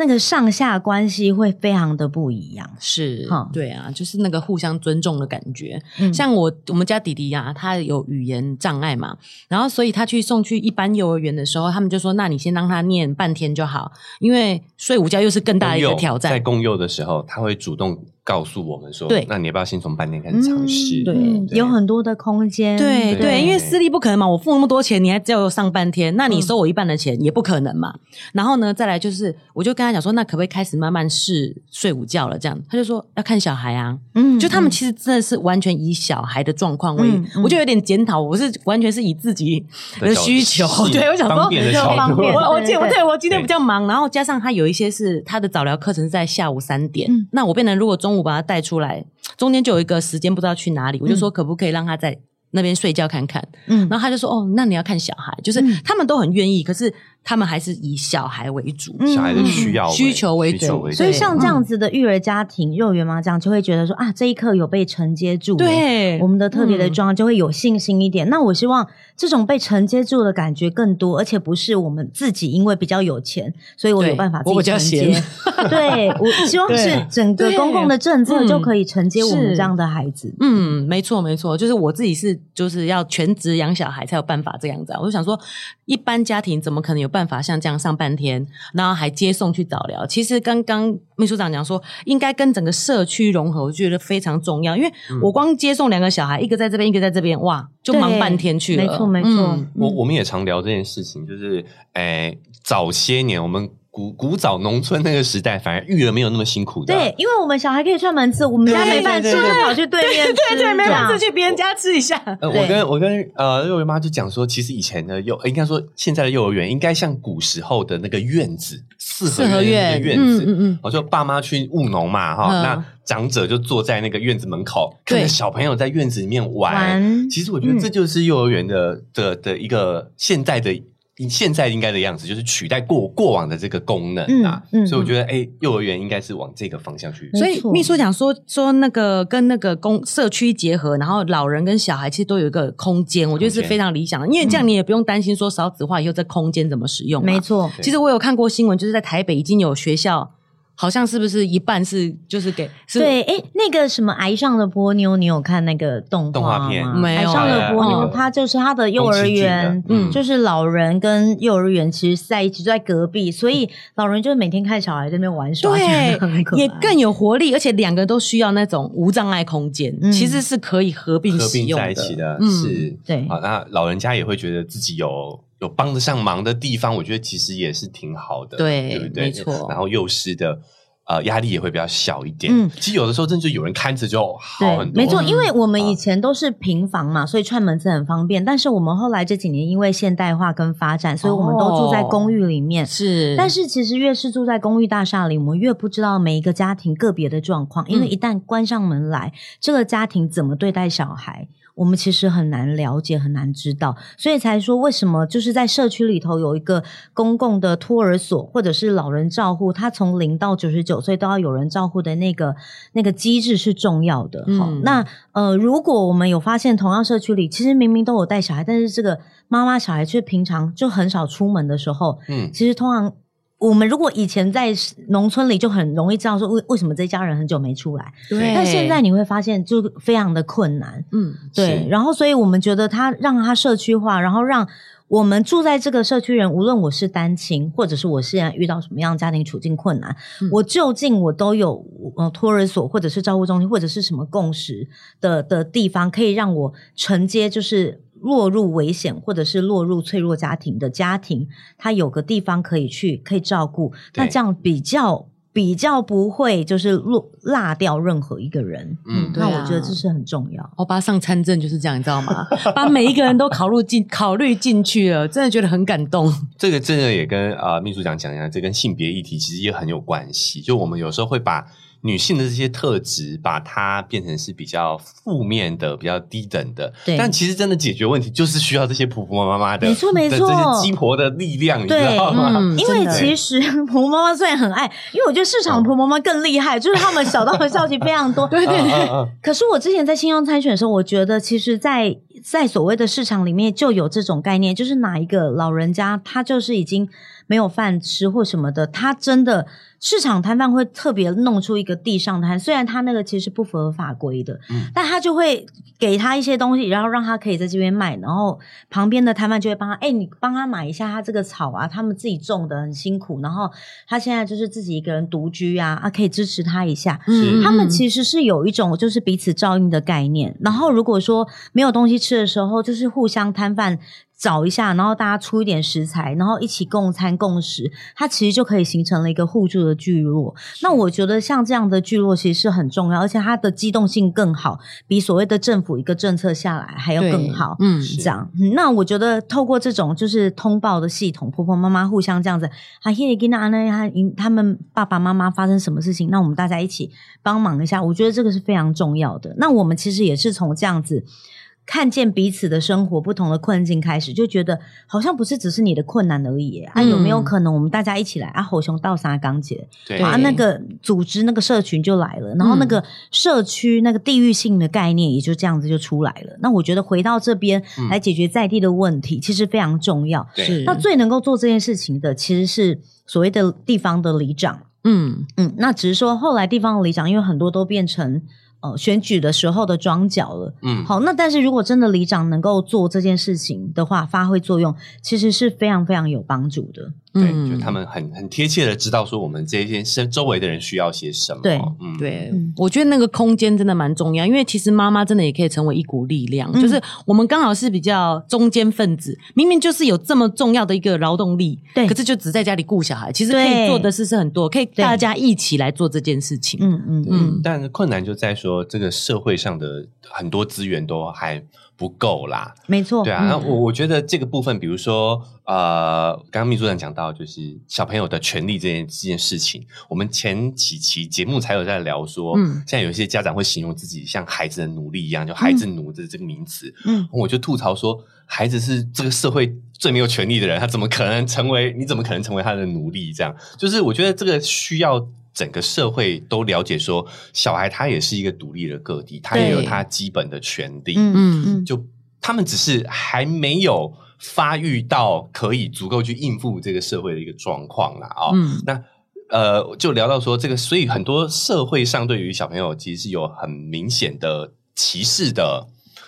那個上下關係會非常的不一樣，是，對啊，就是那個互相尊重的感覺。嗯、像我我們家弟弟呀、啊，他有語言障礙嘛，然後所以他去送去一般幼兒園的時候，他們就說：“那你先讓他念半天就好，因為睡午覺又是更大的一個挑戰。”公幼，在公幼的時候，他會主動。告訴我們說，對，那你要不要先從半天開始嘗試、嗯對？對，有很多的空間。對對、對，因為私立不可能嘛，我付那麼多錢，你還只有上半天，那你收我一半的錢、嗯、也不可能嘛。然後呢，再來就是，我就跟他講說，那可不可以開始慢慢試睡午覺了？這樣，他就說要看小孩啊。嗯，就他們其實真的是完全以小孩的狀況為，嗯嗯、我就有點檢討，我是完全是以自己的需求。嗯、對我想說，比較方、方對對對我我今對我今天比較忙，然後加上他有一些是他的早療課程是在下午三點、嗯，那我變成如果中午。我把他帶出來，中間就有一個時間不知道去哪裡，嗯，我就說可不可以讓他在那邊睡覺看看，嗯，然後他就說哦，那你要看小孩，就是他們都很願意，嗯，可是。他們還是以小孩為主，小孩的需要需求為主，所以像這樣子的育兒家庭、肉圓媽，這樣就會覺得說啊，這一刻有被承接住、欸，對我們的特別的狀況、嗯、就會有信心一點。那我希望這種被承接住的感覺更多，而且不是我們自己因為比較有錢，所以我有辦法自己承接。對，我，我， 對我希望是整個公共的政策就可以承接我們這樣的孩子。嗯，嗯，沒錯，沒錯，就是我自己是就是要全職養小孩才有辦法這樣子、啊。我就想說，一般家庭怎麼可能有？辦法像這樣上半天，然後還接送去早療。其實剛剛秘書長講說，應該跟整個社區融合，我覺得非常重要。因為我光接送兩個小孩、嗯，一個在這邊，一個在這邊，哇，就忙半天去了。對，沒錯，沒錯。嗯嗯、我我們也常聊這件事情，就是誒，早些年我們。古古早農村那個時代，反而育兒沒有那麼辛苦的、啊。對，因為我們小孩可以串門子，我們家沒飯吃，對對對對對，就跑去對面，對，對對對，沒飯吃，去別人家吃一下。我跟、呃、我跟，我跟呃幼兒園媽就講說，其實以前的幼，應該說現在的幼兒園應該像古時候的那個院子，四合院的院、那個、院子。嗯嗯嗯。我說爸媽去務農嘛哈、嗯哦，那長者就坐在那個院子門口，看着小朋友在院子裡面玩，對玩。其實我覺得這就是幼兒園的、嗯、的的一個現在的。你現在應該的樣子就是取代過過往的這個功能啊，嗯嗯、所以我覺得，誒、欸、幼兒園應該是往這個方向去。所以秘書長說說那個跟那個公社區結合，然後老人跟小孩其實都有一個空間，我覺得是非常理想的，因為這樣你也不用擔心說少子化以後這空間怎麼使用。沒錯，其實我有看過新聞，就是在台北已經有學校。好像是不是一半是就是給是對，哎，那個什麼《崖上的波妞》，你，你有看那個動畫動畫片嗎？沒有。《崖上的波妞》啊，啊，它就是它的幼兒園，嗯，就是老人跟幼兒園其實在一起，就在隔壁，嗯、所以老人就是每天看小孩在那邊玩耍。對，也更有活力，而且兩個都需要那種無障礙空間，嗯、其實是可以合併的合併在一起的。是，是、嗯，對。好，那老人家也會覺得自己有。有幫得上忙的地方，我覺得其實也是挺好的，對，對對沒錯。然後幼師的呃壓力也會比較小一點。嗯，其實有的時候，真的就有人看着就好很多。對，沒錯、嗯，因為我們以前都是平房嘛、啊，所以串門子很方便。但是我們後來這幾年因為現代化跟發展、哦，所以我們都住在公寓裡面。是，但是其實越是住在公寓大廈裡，我們越不知道每一個家庭個別的狀況、嗯，因為一旦關上門來，這個家庭怎麼對待小孩。我們其實很難了解，很難知道，所以才說為什麼就是在社區裡頭有一個公共的托兒所，或者是老人照護，他從零到九十九歲都要有人照護的那個那個機制是重要的。好、嗯，那呃，如果我們有發現同樣社區裡，其實明明都有帶小孩，但是這個媽媽小孩卻平常就很少出門的時候，嗯，其實通常。我們如果以前在農村裡，就很容易知道說為為什麼這家人很久沒出來。對。但現在你會發現，就非常的困難。嗯，對。然後，所以我們覺得他讓他社區化，然後讓我們住在這個社區人，無論我是單親，或者是我現在遇到什麼樣的家庭處境困難，嗯、我就近我都有、嗯、托兒所，或者是照顧中心，或者是什麼共識的的地方，可以讓我承接就是。落入危險，或者是落入脆弱家庭的家庭，他有個地方可以去，可以照顧。那這樣比較比較不會就是落落，掉任何一個人。嗯，那我覺得這是很重要。歐巴、啊，哦、桑參政就是這樣，你知道嗎？ 把每一個人都考入進考慮進去了，真的覺得很感動。這個真的也跟呃秘書長講，講一下，這跟性別議題其實也很有關係。就我們有時候會把。女性的這些特質，把它變成是比較負面的、比較低等的。對。但其實真的解決問題，就是需要這些婆婆媽媽的，沒錯沒錯，這些雞婆的力量，你知道嗎？嗯、因為其實婆婆媽媽雖然很愛，因為我覺得市場婆婆媽媽更厲害，嗯、就是他們小道消息非常多。 對對對啊啊啊。可是我之前在信用參選的時候，我覺得其實，在。在所謂的市場裡面，就有這種概念，就是哪一個老人家，他就是已經沒有飯吃或什麼的，他真的市場攤販會特別弄出一個地上攤，雖然他那個其實不符合法規的，嗯，但他就會給他一些東西，然後讓他可以在這邊賣，然後旁邊的攤販就會幫他，哎、欸，你幫他買一下他這個草啊，他們自己種的很辛苦，然後他現在就是自己一個人獨居啊，啊，可以支持他一下，他們其實是有一種就是彼此照應的概念。然後如果說沒有東西吃的時候，就是互相攤販找一下，然後大家出一點食材，然後一起共餐共食，它其實就可以形成了一個互助的聚落。那我覺得像這樣的聚落其實是很重要，而且它的機動性更好，比所謂的政府一個政策下來還要更好。嗯，這樣、嗯。那我覺得透過這種就是通報的系統，婆婆媽媽互相這樣子，啊，給、那、他、個、他們爸爸媽媽發生什麼事情，那我們大家一起幫忙一下。我覺得這個是非常重要的。那我們其實也是從這樣子。看見彼此的生活、不同的困境，開始就覺得好像不是只是你的困難而已，嗯。啊，有沒有可能我們大家一起來？啊，吼熊倒沙剛對啊，那個組織那個社群就來了，然後那個社區、嗯、那個地域性的概念也就這樣子就出來了。那我覺得回到這邊、嗯、來解決在地的問題，嗯、其實非常重要。是，那最能夠做這件事情的，其實是所謂的地方的里長。嗯嗯，那只是說後來地方的里長，因為很多都變成。哦，選舉的時候的樁腳了。嗯。好，那但是如果真的里長能夠做這件事情的話，發揮作用，其實是非常非常有幫助的。對，嗯、就他們很很貼切的知道說我們這些事，周圍的人需要些什麼。對，嗯，對，嗯、我覺得那個空間真的蠻重要，因為其實媽媽真的也可以成為一股力量，嗯、就是我們剛好是比較中間分子，明明就是有這麼重要的一個勞動力，對，可是就只在家裡顧小孩，其實可以做的事是很多，可以大家一起來做這件事情。嗯嗯嗯，但困難就在說。說這個社會上的很多資源都還不夠啦，沒錯，對啊，那我、嗯、我覺得這個部分，比如說呃，剛剛秘書長講到，就是小朋友的權利這件這件事情，我們前幾期節目才有在聊說，嗯，現在有一些家長會形容自己像孩子的奴隸一樣，就孩子奴的這個名詞，嗯，我就吐槽說，孩子是這個社會最沒有權利的人，他怎麼可能成為？你怎麼可能成為他的奴隸？這樣，就是我覺得這個需要。整個社會都了解說，小孩他也是一個獨立的個體，他也有他基本的權利。嗯嗯，就他們只是還沒有發育到可以足夠去應付這個社會的一個狀況啦、哦。啊、嗯。那呃，就聊到說這個，所以很多社會上對於小朋友其實是有很明顯的歧視的，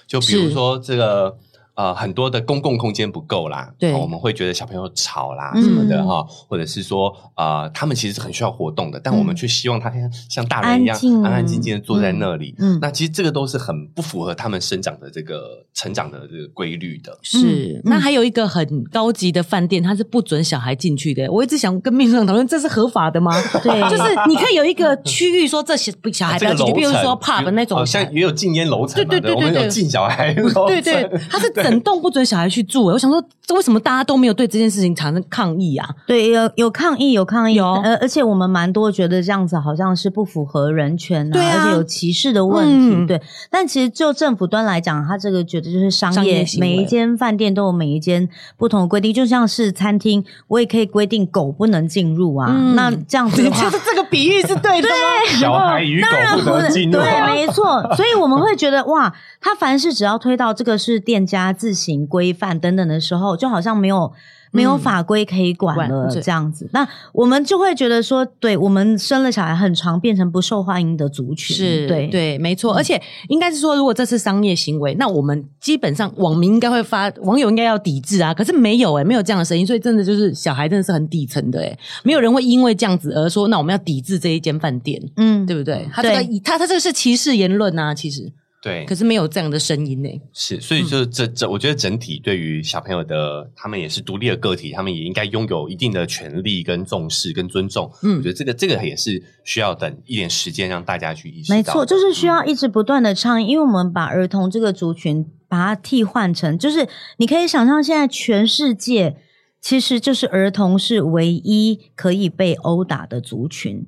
就比如說這個。呃，很多的公共空間不夠啦，對、哦，我們會覺得小朋友吵啦什麼的哈、嗯，或者是說呃他們其實是很需要活動的，嗯、但我們卻希望他像像大人一樣安，安安靜靜的坐在那裡，嗯。嗯，那其實這個都是很不符合他們生長的這個成長的這個規律的。是、嗯。那還有一個很高級的飯店，它是不准小孩進去的。我一直想跟秘書長討論，這是合法的嗎？嗯、對， 就是你可以有一個區域說這些小孩不要進去，比如說 pub 那種、哦，像也有禁菸樓層，對對對，我們有禁小孩，對對，對， 對，對對，他是。整棟不准小孩去住、欸，我想說，這為什麼大家都沒有對這件事情產生抗議啊？對，有有抗議，有抗議，有，呃，而且我們蠻多覺得這樣子好像是不符合人權、啊，對、啊、而且有歧視的問題、嗯，對。但其實就政府端來講，他這個覺得就是商業，商業，每一間飯店都有每一間不同的規定，就像是餐廳，我也可以規定狗不能進入啊。嗯、那這樣子的話就是這個比喻是對的嗎？對 是嗎？小孩與狗不能進入、啊，對，沒錯。所以我們會覺得哇，他凡事只要推到這個是店家。自行規範等等的時候，就好像沒有沒有法規可以管了這樣子、嗯。那我們就會覺得說，對我們生了小孩很常，變成不受歡迎的族群，是對對，沒錯、嗯。而且應該是說，如果這是商業行為，那我們基本上網民應該會發，網友應該要抵制啊。可是沒有哎、欸，沒有這樣的聲音，所以真的就是小孩真的是很底層的哎、欸，沒有人會因為這樣子而說，那我們要抵制這一間飯店，嗯，對不對？他這個他他這個是歧視言論吶、啊，其實。對，可是沒有這樣的聲音呢、欸。是，所以就這這，我覺得整體對於小朋友的，他們也是獨立的個體，他們也應該擁有一定的權利跟重視跟尊重。嗯，我覺得這個這個也是需要等一點時間讓大家去意識到，沒錯，就是需要一直不斷的倡議、嗯，因為我們把兒童這個族群把它替換成，就是你可以想象，現在全世界其實就是兒童是唯一可以被毆打的族群。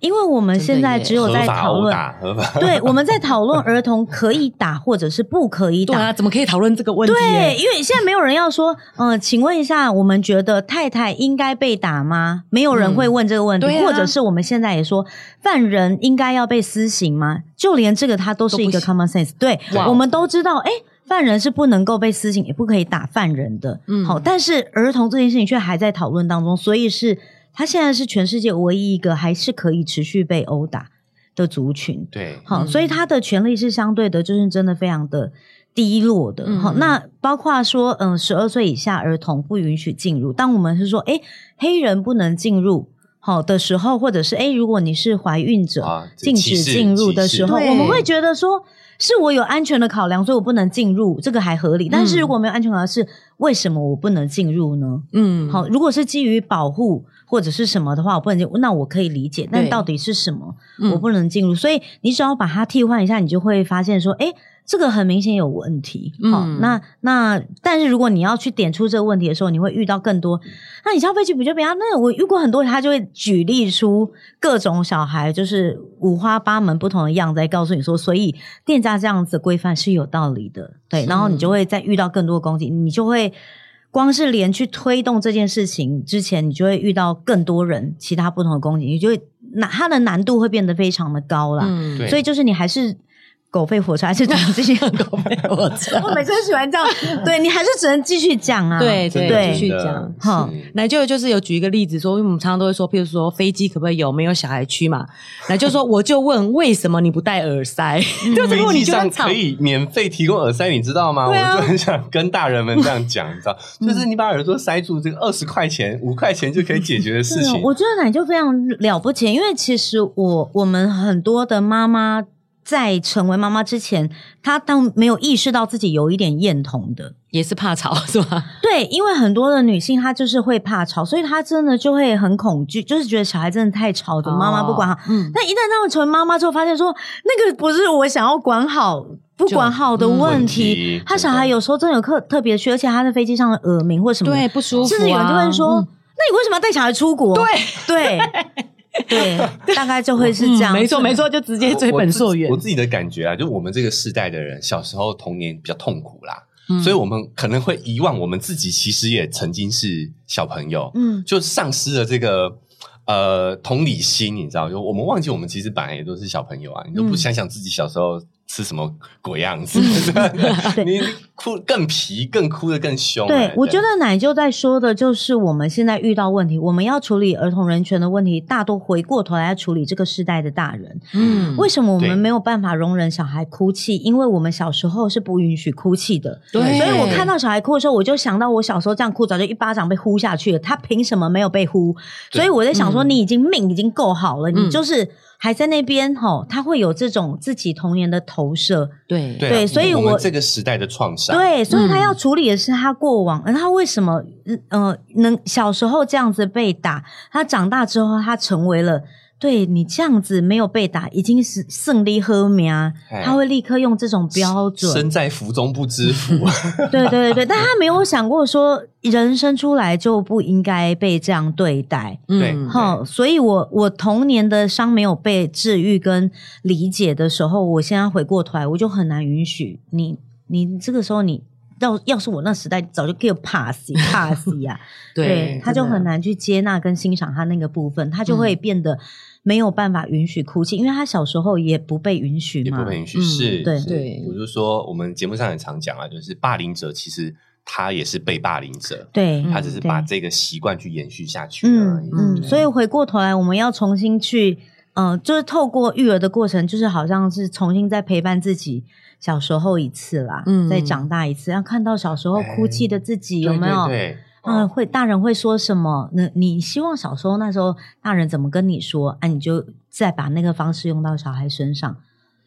因為我們現在只有在討論，對，我們在討論兒童可以打或者是不可以打。怎麼可以討論這個問題？對，因為現在沒有人要說，嗯，請問一下，我們覺得太太應該被打嗎？沒有人會問這個問題，或者是我們現在也說，犯人應該要被私刑嗎？就連這個，他都是一個 common sense。對，我們都知道，哎，犯人是不能夠被私刑，也不可以打犯人的。嗯，好，但是兒童這件事情卻還在討論當中，所以是。他現在是全世界唯一一個還是可以持續被毆打的族群，對，好，嗯、所以他的權利是相對的，就是真的非常的低落的。嗯、好，那包括說，嗯，十二歲以下兒童不允許進入。當我們是說，誒，黑人不能進入，好的時候，或者是誒，如果你是懷孕者，禁止、啊、進入的時候，我們會覺得說，是我有安全的考量，所以我不能進入，這個還合理。嗯、但是如果沒有安全考量是，是為什麼我不能進入呢？嗯，好，如果是基於保護。或者是什麼的話，我不能進入。那我可以理解，但到底是什麼，嗯、我不能進入。所以你只要把它替換一下，你就會發現說，哎、欸，這個很明顯有問題。嗯，哦、那那但是如果你要去點出這個問題的時候，你會遇到更多。嗯、那你消費去不就比較。那我遇過很多，他就會舉例出各種小孩，就是五花八門、不同的樣子來告訴你說，所以店家這樣子規範是有道理的。對，然後你就會再遇到更多的攻擊，你就會。光是連去推動這件事情之前，你就會遇到更多人，其他不同的攻擊，你就會難，它的難度會變得非常的高了。嗯，所以就是你還是。狗吠火車還是只能這樣。狗吠火車，我每次都喜歡這樣。對你還是只能繼續講啊？對，對對繼續講。好，奶舅就是有舉一個例子說，因為我們常常都會說，譬如說飛機可不可以有沒有小孩區嘛？奶舅說，我就問為什麼你不戴耳塞？就是如果你經常可以免費提供耳塞， 你知道嗎、啊？我就很想跟大人們這樣講， 你知道，就是你把耳朵塞住，這個二十塊錢、五塊錢就可以解決的事情。 我覺得奶舅非常了不起，因為其實我我們很多的媽媽。在成為媽媽之前，她當沒有意識到自己有一點厭童的，也是怕吵，是吧？對，因為很多的女性她就是會怕吵，所以她真的就會很恐懼，就是覺得小孩真的太吵了，媽媽不管好、哦、嗯，但一旦她們成為媽媽之後，發現說那個不是我想要管好、不管好的問題，問題她小孩有時候真的有特特別去，而且她在飛機上的耳鳴或什麼，對，不舒服、啊，甚至有人就會說、嗯，那你為什麼要帶小孩出國？對，對。 對，大概就會是這樣。嗯、沒錯，沒錯，就直接追本溯源。我自己的感覺啊，就我們這個世代的人，小時候童年比較痛苦啦，嗯、所以我們可能會遺忘我們自己，其實也曾經是小朋友。嗯，就喪失了這個呃同理心，你知道？就我們忘記我們其實本來也都是小朋友啊，你都不想想自己小時候。是什麼鬼樣子？ 你哭更皮，更哭得更兇，啊。對，對我覺得奶舅在說的就是我們現在遇到問題，我們要處理兒童人權的問題，大多回過頭來處理這個世代的大人。嗯，為什麼我們沒有辦法容忍小孩哭泣？因為我們小時候是不允許哭泣的。對，對，對，所以我看到小孩哭的時候，我就想到我小時候這樣哭，早就一巴掌被呼下去了。他憑什麼沒有被呼？所以我在想說，嗯、你已經命已經夠好了，嗯，你就是。還在那邊吼他，會有這種自己童年的投射，對對，所以我，我這個時代的創傷，對，所以他要處理的是他過往，嗯，而他為什麼呃能小時候這樣子被打，他長大之後他成為了。對你這樣子沒有被打，已經是勝利好命，他會立刻用這種標準，身在福中不知福 對對對、對 但他沒有想過說人生出來就不應該被這樣對待。嗯、對，所以我我童年的傷沒有被治癒跟理解的時候，我現在回過頭來，我就很難允許你，你這個時候你要要是我那時代，早就給我 pass pass 呀。對，他就很難去接納跟欣賞他那個部分，他就會變得。嗯沒有辦法允許哭泣，因為他小時候也不被允許嘛。也不被允許是。嗯、對是比如說，我們節目上也常講啊，就是霸凌者其實他也是被霸凌者。對。他只是把這個習慣去延續下去了嗯、嗯。所以回過頭來，我們要重新去，嗯、呃，就是透過育兒的過程，就是好像是重新在陪伴自己小時候一次啦，嗯、再長大一次，要看到小時候哭泣的自己，欸、有沒有？對對對。嗯，會大人會說什麼？那你希望小時候那時候大人怎麼跟你說？啊，你就再把那個方式用到小孩身上。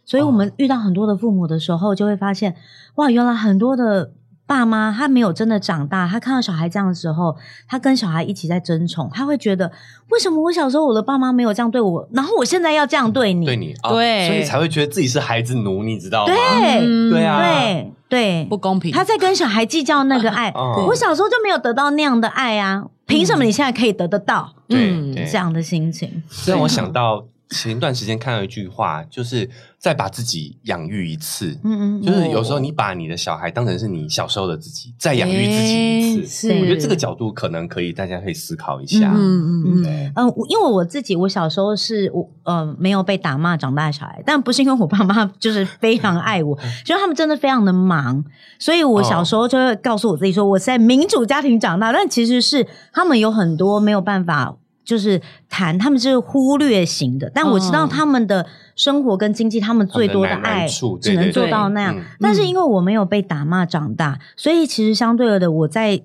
所以我們遇到很多的父母的時候，就會發現，哦，哇，原來很多的。爸媽，他沒有真的長大。他看到小孩這樣的時候，他跟小孩一起在爭寵，他會覺得，為什麼我小時候我的爸媽沒有這樣對我，然後我現在要這樣對你，嗯、對你、啊，對，所以才會覺得自己是孩子奴，你知道嗎？對，嗯、對啊對，對，不公平。他在跟小孩計較那個愛、 嗯，我小時候就沒有得到那樣的愛啊，嗯、憑什麼你現在可以得得到？嗯，這樣的心情讓我想到前段時間看了一句話，就是。再把自己養育一次，嗯嗯，就是有時候你把你的小孩當成是你小時候的自己，哦、再養育自己一次，欸是，我覺得這個角度可能可以，大家可以思考一下，嗯嗯嗯，嗯。嗯、呃，因為我自己，我小時候是我呃沒有被打罵長大的小孩，但不是因為我爸媽就是非常愛我， 就他們真的非常的忙，所以我小時候就會告訴我自己說，哦、我在民主家庭長大，但其實是他們有很多沒有辦法就是談，他們是忽略型的，但我知道他們的。哦生活跟經濟，他們最多的愛只能做到那樣。但是因為我沒有被打罵長大，所以其實相對的，我在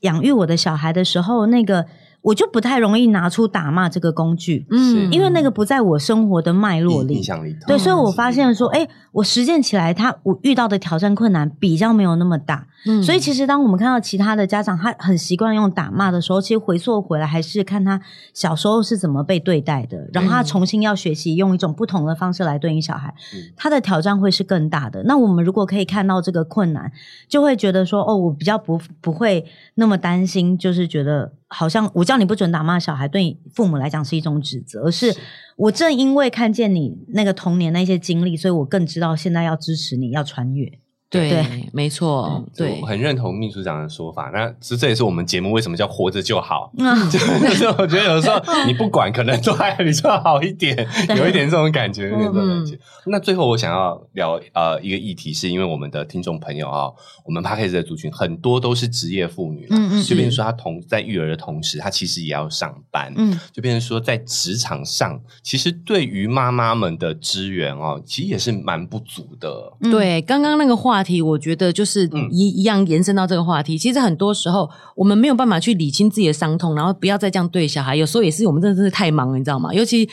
養育我的小孩的時候，那個我就不太容易拿出打罵這個工具。嗯，因為那個不在我生活的脈絡裡，對，所以，我發現說，哎，我實踐起來，他我遇到的挑戰困難比較沒有那麼大。嗯，所以，其實當我們看到其他的家長，他很習慣用打罵的時候，其實回溯回來還是看他小時候是怎麼被對待的，然後他重新要學習用一種不同的方式來對應小孩，他的挑戰會是更大的。那我們如果可以看到這個困難，就會覺得說，哦，我比較不不會那麼擔心，就是覺得好像我叫你不准打罵小孩，對父母來講是一種指責，而是我正因為看見你那個童年那些經歷，所以我更知道現在要支持你要穿越。對，對，沒錯，嗯、對，我很認同秘書長的說法。那其實這也是我們節目為什麼叫活着就好，嗯、 就是我覺得有時候你不管，可能都還比較好一點，有一點這種感覺，有一點這種感覺。嗯、那最後我想要聊呃一個議題，是因為我們的聽眾朋友啊、哦，我們 Podcast 的族群很多都是職業婦女，嗯嗯，就變成說她同在育兒的同時，她其實也要上班，嗯，就變成說在職場上，其實對於媽媽們的支援哦，其實也是蠻不足的。嗯、對，剛剛那個話。題我覺得就是一一樣延伸到這個話題，嗯。其實很多時候，我們沒有辦法去理清自己的傷痛，然後不要再這樣對小孩。有時候也是我們真的真的太忙了，你知道嗎？尤其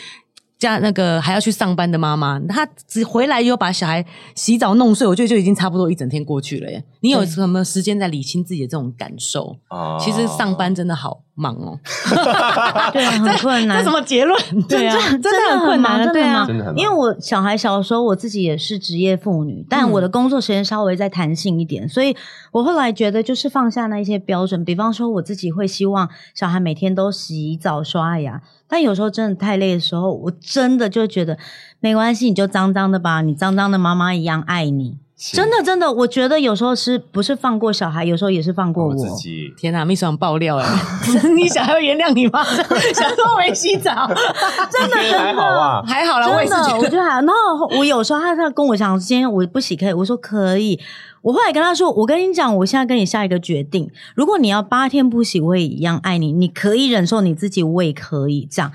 家那個還要去上班的媽媽，她只回來又把小孩洗澡弄睡，我覺得就已經差不多一整天過去了耶。你有什麼時間在理清自己的這種感受？嗯，其實上班真的好。忙哦， 對啊，很困難。這，這什麼結論？啊，對啊，真的很困難，對啊，嗎？因為我小孩小的時候，我自己也是職業婦女，但我的工作時間稍微再彈性一點，嗯，所以我後來覺得就是放下那一些標準，比方說我自己會希望小孩每天都洗澡、刷牙，但有時候真的太累的時候，我真的就覺得沒關係，你就髒髒的吧，你髒髒的，媽媽一樣愛你。真的，真的，我覺得有時候是不是放過小孩，有時候也是放過我，我自己。天哪，秘書長爆料啊。 你想要原諒你嗎？想說我沒洗澡，真的，真的，還好啦，還好了，真的我也，我覺得還好。然後我有時候他在跟我講，今天我不洗可以，我說可以。我後來跟他說：“我跟你講，我現在跟你下一個決定，如果你要八天不洗，我也一樣愛你。你可以忍受你自己，我也可以這樣。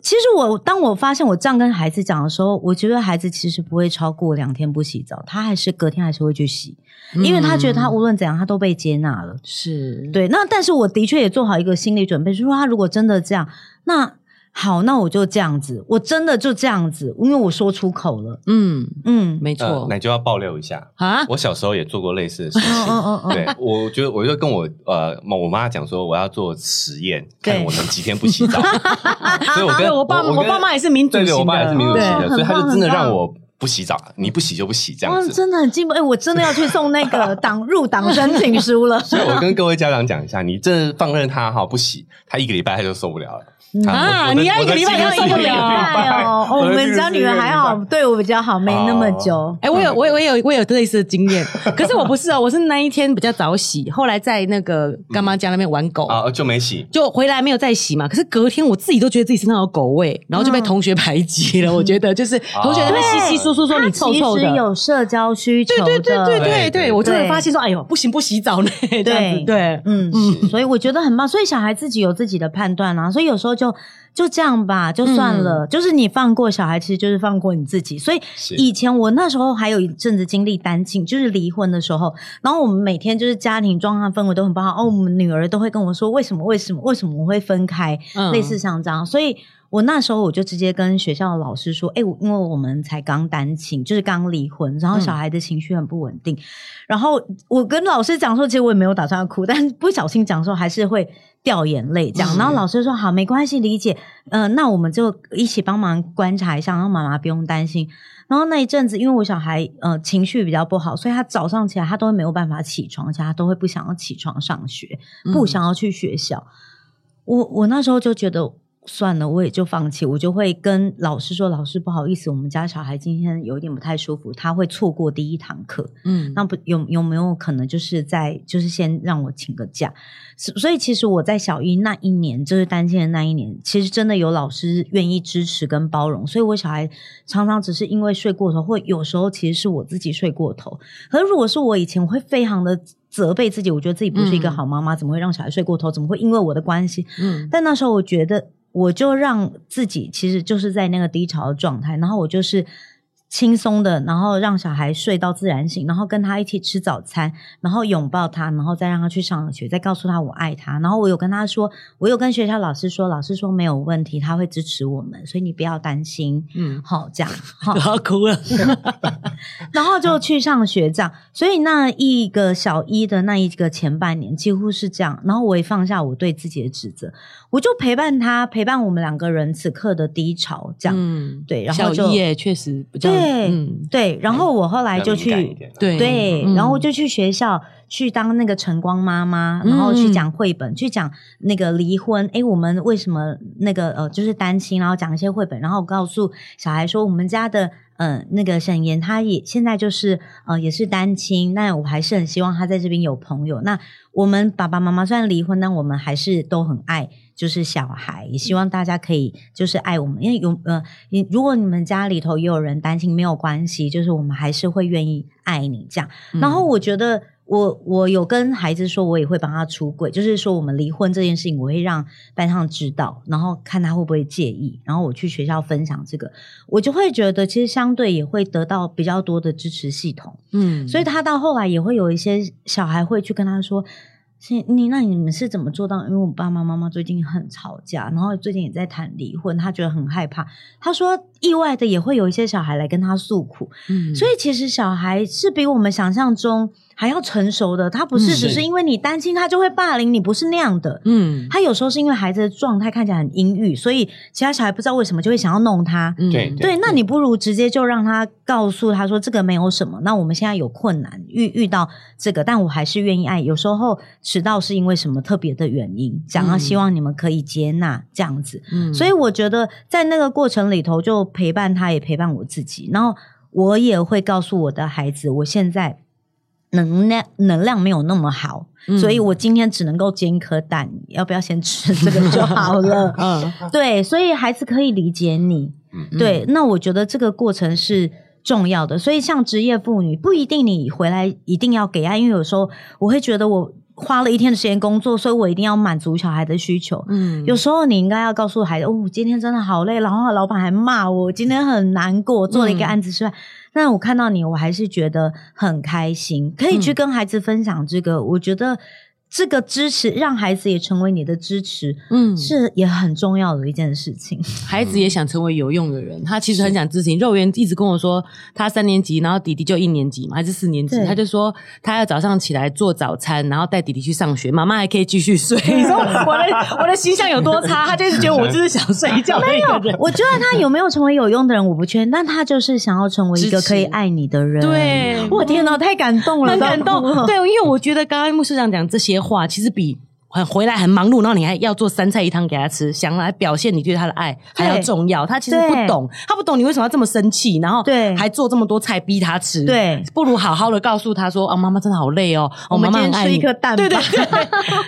其實我當我發現我這樣跟孩子講的時候，我覺得孩子其實不會超過兩天不洗澡，他還是隔天還是會去洗，嗯、因為他覺得他無論怎樣，他都被接納了。是對。那但是我的確也做好一個心理準備，就是說他如果真的這樣，那。”好，那我就這樣子，我真的就這樣子，因為我說出口了，嗯嗯，沒錯，那你就要爆料一下啊！我小時候也做過類似的事情， 對，我覺得我就跟我呃，我媽講說我要做實驗，看我能幾天不洗澡， 所以我跟 我、我爸，我爸媽也是民主，對，我媽也是民主型的，對主型的對，所以她就真的讓我。不洗澡，你不洗就不洗這樣子，哇真的很進步。哎、欸，我真的要去送那個黨 入黨申請書了。所以，我跟各位家長講一下，你這放任他哈不洗，他一個禮拜他就受不了了。啊，你要一個禮拜，拜要受不了。我們家女兒還好，對、哦、我比較好，沒那麼久。哎，我有，我有，我有，我有類似的經驗。 可是我不是哦，我是那一天比較早洗，後來在那個乾媽家那邊玩狗、嗯、啊，就沒洗，就回來沒有再洗嘛。可是隔天我自己都覺得自己身上有狗味，然後就被同學排擠了。我覺得就是同學那邊嘻嘻說。說說說你臭臭的，他其實有社交需求的，對對對對對對，對，對，我就會發現說，哎呦，不行，不洗澡呢。對對，嗯 所以我覺得很棒。所以小孩自己有自己的判斷啊，所以有時候就就這樣吧，就算了，嗯。就是你放過小孩，其實就是放過你自己。所以以前我那時候還有一陣子經歷單親，就是離婚的時候，然後我們每天就是家庭狀況氛圍都很不好，哦，我們女兒都會跟我說，為什麼為什麼為什麼我會分開，嗯，類似像這樣，所以。我那時候我就直接跟學校的老師說：“哎、欸，我因為我們才剛單親，就是剛離婚，然後小孩的情緒很不穩定。嗯。然後我跟老師講說，其實我也沒有打算哭，但不小心講說還是會掉眼淚這樣。然後老師說：好，沒關係，理解。嗯、呃，那我們就一起幫忙觀察一下，讓媽媽不用擔心。然後那一陣子，因為我小孩呃情緒比較不好，所以他早上起來他都會沒有辦法起床，而且他都會不想要起床上學，不想要去學校。嗯、我我那時候就覺得。”算了，我也就放棄。我就會跟老師說：“老師，不好意思，我們家小孩今天有點不太舒服，他會錯過第一堂課。”嗯，那不有有沒有可能，就是在就是先讓我請個假？所以，其實我在小一那一年，就是單親的那一年，其實真的有老師願意支持跟包容，所以我小孩常常只是因為睡過頭，或有時候其實是我自己睡過頭。可是如果是我以前，我會非常的責備自己，我覺得自己不是一個好媽媽，嗯、怎麼會讓小孩睡過頭？怎麼會因為我的關係？嗯，但那時候我覺得。我就讓自己其實就是在那個低潮的狀態，然後我就是輕鬆的，然後讓小孩睡到自然醒，然後跟他一起吃早餐，然後擁抱他，然後再讓他去上學，再告訴他我愛他。然後我有跟他說，我有跟學校老師說，老師說沒有問題，他會支持我們，所以你不要擔心。嗯，好，這樣， 不要哭了， 然後就去上學這樣。所以那一個小一的那一個前半年幾乎是這樣，然後我也放下我對自己的指責。我就陪伴他，陪伴我們兩個人此刻的低潮，這樣，嗯，對，然後就確實對、嗯、對，然後我後來就去、啊、對、對、嗯、然後我就去學校、嗯、去當那個晨光媽媽，然後去講繪本、嗯，去講那個離婚，誒，我們為什麼那個呃，就是單親，然後講一些繪本，然後告訴小孩說，我們家的呃那個沈岩，他也現在就是呃也是單親，但我還是很希望他在這邊有朋友。那我們爸爸媽媽雖然離婚，但我們還是都很愛就是小孩，也希望大家可以就是愛我們，因為有呃，如果你們家裡頭也有人擔心，沒有關係，就是我們還是會願意愛你這樣。嗯、然後我覺得我，我我有跟孩子說，我也會幫他出櫃，就是說我們離婚這件事情，我會讓班上知道，然後看他會不會介意，然後我去學校分享這個，我就會覺得其實相對也會得到比較多的支持系統。嗯，所以他到後來也會有一些小孩會去跟他說。你那你們是怎麼做到？因為我爸爸媽媽最近很吵架，然後最近也在談離婚，他覺得很害怕。他說意外的也會有一些小孩來跟他訴苦，嗯，所以其實小孩是比我們想象中。還要成熟的，他不是只是因為你擔心他就會霸凌你，嗯，不是那樣的。嗯，他有時候是因為孩子的狀態看起來很陰鬱，所以其他小孩不知道為什麼就會想要弄他。嗯、對，對，對對，那你不如直接就讓他告訴他說這個沒有什麼，那我們現在有困難遇遇到這個，但我還是願意愛。有時候遲到是因為什麼特別的原因，想要希望你們可以接納這樣子。嗯，所以我覺得在那個過程裡頭，就陪伴他，也陪伴我自己。然後我也會告訴我的孩子，我現在。能量能量沒有那麼好，嗯、所以我今天只能夠煎一顆蛋，要不要先吃這個就好了？ 對，所以孩子可以理解你嗯嗯。對，那我覺得這個過程是重要的。所以像職業婦女，不一定你回來一定要給愛，因為有時候我會覺得我花了一天的時間工作，所以我一定要滿足小孩的需求。嗯、有時候你應該要告訴孩子哦，今天真的好累，然後老闆還罵我，今天很難過，做了一個案子出來。嗯那我看到你，我還是覺得很開心，可以去跟孩子分享這個，嗯、我覺得。這個支持讓孩子也成為你的支持，嗯，是也很重要的一件事情。孩子也想成為有用的人，他其實很想支持。肉圓一直跟我說，他三年級，然後弟弟就一年級嘛，還是四年級，他就說他要早上起來做早餐，然後帶弟弟去上學，媽媽還可以繼續睡。你說我的 我的形象有多差？他就是覺得我就是想睡覺。 沒有，我覺得他有沒有成為有用的人，我不缺，但他就是想要成為一個可以愛你的人。對，我、哦、天哪，太感動了，很感動。對，因為我覺得剛剛秘書長講這些。話其實比很回來很忙碌，然後你還要做三菜一湯給他吃，想來表現你對他的愛還要重要。他其實不懂，他不懂你為什麼要這麼生氣，然後還做這麼多菜逼他吃。對，不如好好的告訴他說：“啊、哦，媽媽真的好累哦，哦媽媽很愛你，我們今天吃一顆蛋。”對對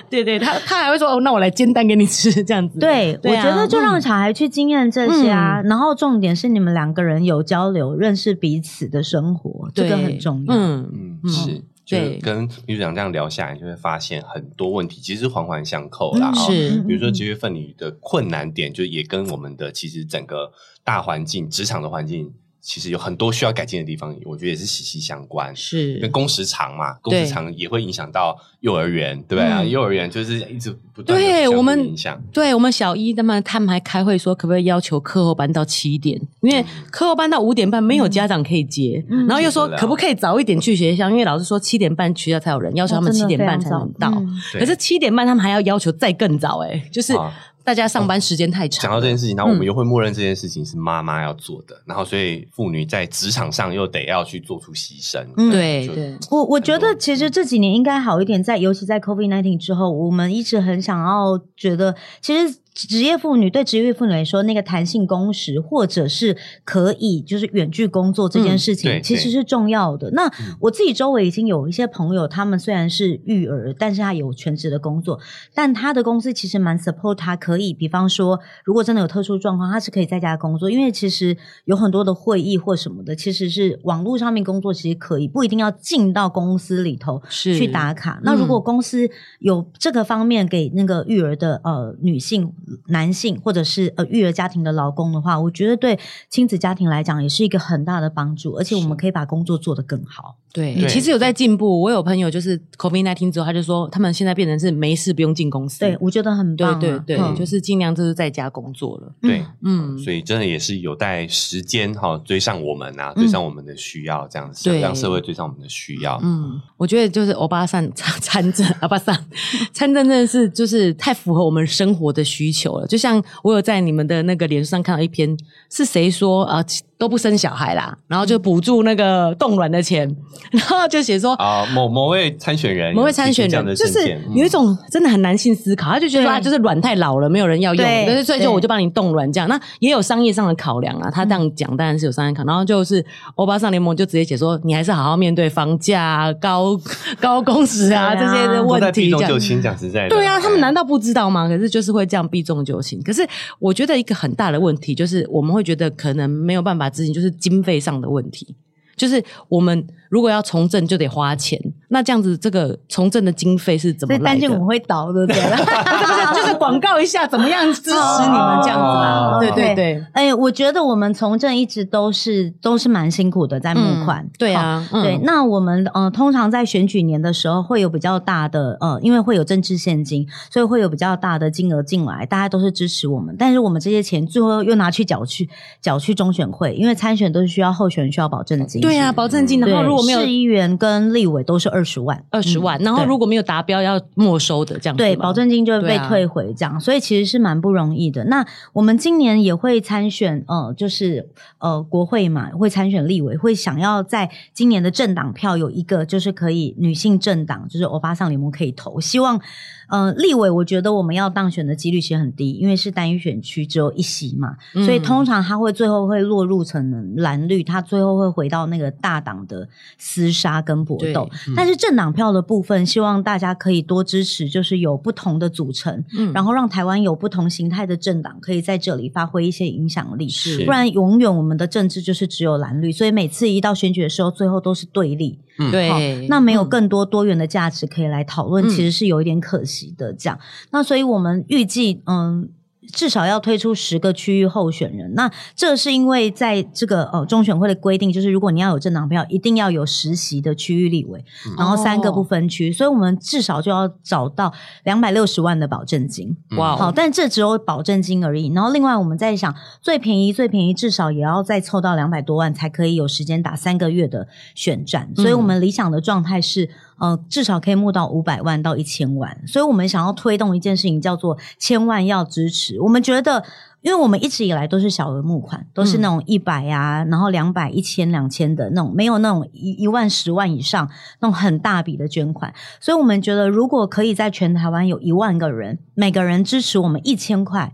對，對，對，他他還會說：“哦，那我來煎蛋給你吃。”這樣子。對，對、啊，我覺得就讓小孩去經驗這些啊、嗯。然後重點是你們兩個人有交流、認識彼此的生活，這個很重要。嗯嗯嗯，跟秘書長這樣聊下來，你就會發現很多問題，其實是環環相扣啦，哦。啊，比如說七月份你的困難點，嗯，就也跟我們的其實整個大環境、職場的環境。其實有很多需要改進的地方，我覺得也是息息相關。是，因為工時長嘛，工時長也會影響到幼兒園，對，對啊、嗯，幼兒園就是一直不斷對，影響對我們對我們小一他們，他們還開會說，可不可以要求課後班到七點？因為課後班到五點半沒有家長可以接，嗯、然後又說可不可以早一點去學校？嗯、因為老師說七點半學校才有人，要求他們七點半才能到。啊嗯、可是七點半他們還要要求再更早誒、欸、就是。啊大家上班時間太長了，嗯，講到這件事情，然後我們又會默認這件事情是媽媽要做的，嗯，然後所以婦女在職場上又得要去做出犧牲。嗯、對、對，對，我我覺得其實這幾年應該好一點，在尤其在 COVID-19 之後，我們一直很想要覺得其實。職業婦女對職業婦女來說，那個彈性工時或者是可以就是遠距工作這件事情、嗯、其實是重要的。那、嗯、我自己周圍已經有一些朋友，他們雖然是育兒，但是他有全職的工作，但他的公司其實蠻 support 他，可以，比方說如果真的有特殊狀況，他是可以在家工作，因為其實有很多的會議或什麼的，其實是網絡上面工作，其實可以不一定要進到公司裡頭去打卡、嗯。那如果公司有這個方面給那個育兒的呃女性，男性或者是呃育兒家庭的老公的話，我覺得對親子家庭來講也是一個很大的幫助，而且我們可以把工作做得更好。對，其實有在進步。我有朋友就是 COVID-19 之後，他就說他們現在變成是沒事不用進公司。對，我覺得很棒、啊。對對對，嗯、就是盡量就是在家工作了。對，嗯，所以真的也是有待時間哈追上我們啊、嗯，追上我們的需要這樣子，讓社會追上我們的需要。嗯，我覺得就是歐巴桑參政，歐巴桑參政真的是就是太符合我們生活的需求了。就像我有在你們的那個臉書上看到一篇，是誰說啊？都不生小孩啦，然後就補助那個凍卵的錢、嗯，然後就寫說啊，某某位參選人，某位參選人的，就是有一種真的很男性思考、嗯，他就覺得啊，就是卵太老了，沒有人要用，所以就我就幫你凍卵這樣。那也有商業上的考量啊，他這樣講、嗯、當然是有商業考量。然後就是歐巴桑聯盟就直接寫說，你還是好好面對房價、啊、高、高工時啊，啊這些的問題，在避重就輕，講實在的對、啊，對啊，他們難道不知道嗎？可是就是會這樣避重就輕。可是我覺得一個很大的問題就是，我們會覺得可能沒有辦法。資金就是經費上的問題，就是我們。如果要從政就得花錢，那這樣子這個從政的經費是怎麼？所以擔心我們會倒的，對不對？ 不是不是就是廣告一下，怎麼樣支持你們這樣子啊？ 對,對對對。哎、欸，我覺得我們從政一直都是都是蠻辛苦的，在募款。嗯、對啊，對、嗯。那我們呃通常在選舉年的時候會有比較大的呃，因為會有政治獻金，所以會有比較大的金額進來，大家都是支持我們。但是我們這些錢最後又拿去繳去繳去中選會，因為參選都是需要候選人需要保證金。對啊，保證金的話、嗯、如果市議員跟立委都是二十萬，二十萬、嗯。然後如果沒有達標，要沒收的這樣子。對，保證金就會被退回這樣。啊、所以其實是蠻不容易的。那我們今年也會參選，呃，就是呃，國會嘛，會參選立委，會想要在今年的政黨票有一個，就是可以女性政黨，就是歐巴桑聯盟可以投，希望。呃，立委我覺得我們要當選的幾率其實很低，因為是單一選區只有一席嘛，嗯，所以通常他會最後會落入成藍綠，他最後會回到那個大黨的廝殺跟搏鬥。嗯、但是政黨票的部分，希望大家可以多支持，就是有不同的組成，嗯，然後讓台灣有不同形態的政黨可以在這裡發揮一些影響力。是，不然永遠我們的政治就是只有藍綠，所以每次一到選舉的時候，最後都是對立。對、嗯，那沒有更多多元的價值可以來討論，嗯、其實是有一點可惜的。這樣，那所以我們預計，嗯。至少要推出十個區域候選人，那這是因為在這個哦中選會的規定，就是如果你要有政黨票，一定要有實習的區域立委，嗯、然後三個不分區，所以我們至少就要找到兩百六十萬的保證金。哇、哦，好，但這只有保證金而已。然後另外我們在想，最便宜最便宜，至少也要再湊到兩百多萬，才可以有時間打三個月的選戰。嗯、所以我們理想的狀態是。呃，至少可以募到五百萬到一千萬，所以我們想要推動一件事情，叫做千萬要支持。我們覺得，因為我們一直以來都是小額募款，都是那種一百呀，然後兩百、一千、兩千的那種，沒有那種一一萬、十萬以上那種很大筆的捐款。所以我們覺得，如果可以在全台灣有一萬個人，每個人支持我們一千塊。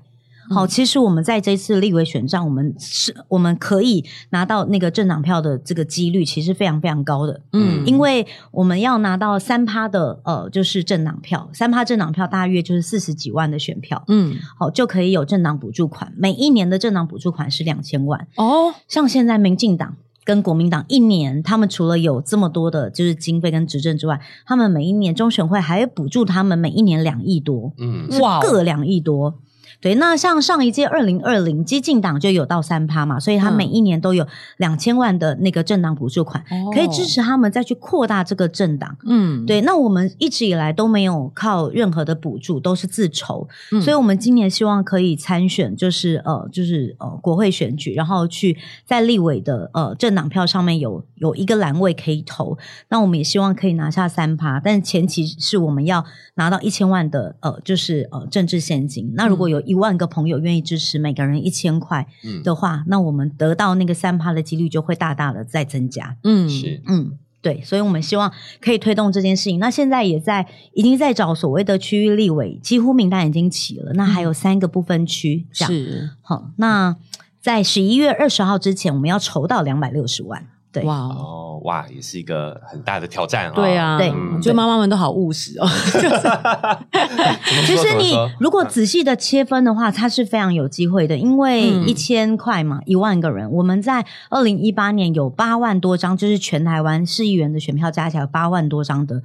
好，其實我們在這次立委選戰，我們是我們可以拿到那個政黨票的這個幾率，其實非常非常高的。嗯，因為我們要拿到三趴的呃，就是政黨票，三趴政黨票大約就是四十幾萬的選票。嗯，好，就可以有政黨補助款。每一年的政黨補助款是兩千萬。哦，像現在民進黨跟國民黨一年，他們除了有這麼多的就是經費跟執政之外，他們每一年中選會還會補助他們每一年兩億多。嗯，哇，各兩億多。對，那像上一屆二零二零基進黨就有到三趴嘛，所以他每一年都有兩千萬的那個政黨補助款。嗯，可以支持他們再去擴大這個政黨。嗯，對，那我們一直以來都沒有靠任何的補助，都是自籌，嗯、所以我們今年希望可以參選，就是呃，就是呃，國會選舉，然後去在立委的呃政黨票上面有有一個欄位可以投。那我們也希望可以拿下三趴，但前提是我們要拿到一千萬的呃，就是呃政治現金。那如果有、嗯一萬個朋友願意支持，每個人一千塊的話，嗯、那我們得到那個三趴的幾率就會大大的再增加。嗯，是，嗯，對，所以我們希望可以推動這件事情。那現在也在已經在找所謂的區域立委，幾乎名單已經齊了。那還有三個不分區，嗯、這樣是好。那在十一月二十號之前，我們要籌到兩百六十萬。哇、wow、哦，哇，也是一個很大的挑戰哦，對啊，對、嗯，我覺得媽媽們都好務實哦。 就是 其實你如果仔細的切分的話、啊，它是非常有機會的，因為一千塊嘛，嗯、一萬個人，我們在二零一八年有八萬多張，就是全台灣市議員的選票加起來有八萬多張的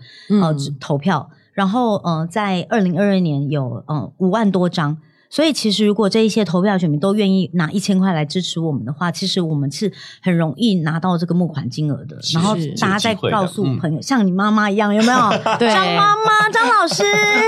呃、嗯、投票，然後呃在二零二二年有呃五萬多張。所以其實，如果這一些投票選民都願意拿一千塊來支持我們的話，其實我們是很容易拿到這個募款金額的是。然後大家再告訴朋友，嗯、像你媽媽一樣，有沒有？張媽媽、張老師，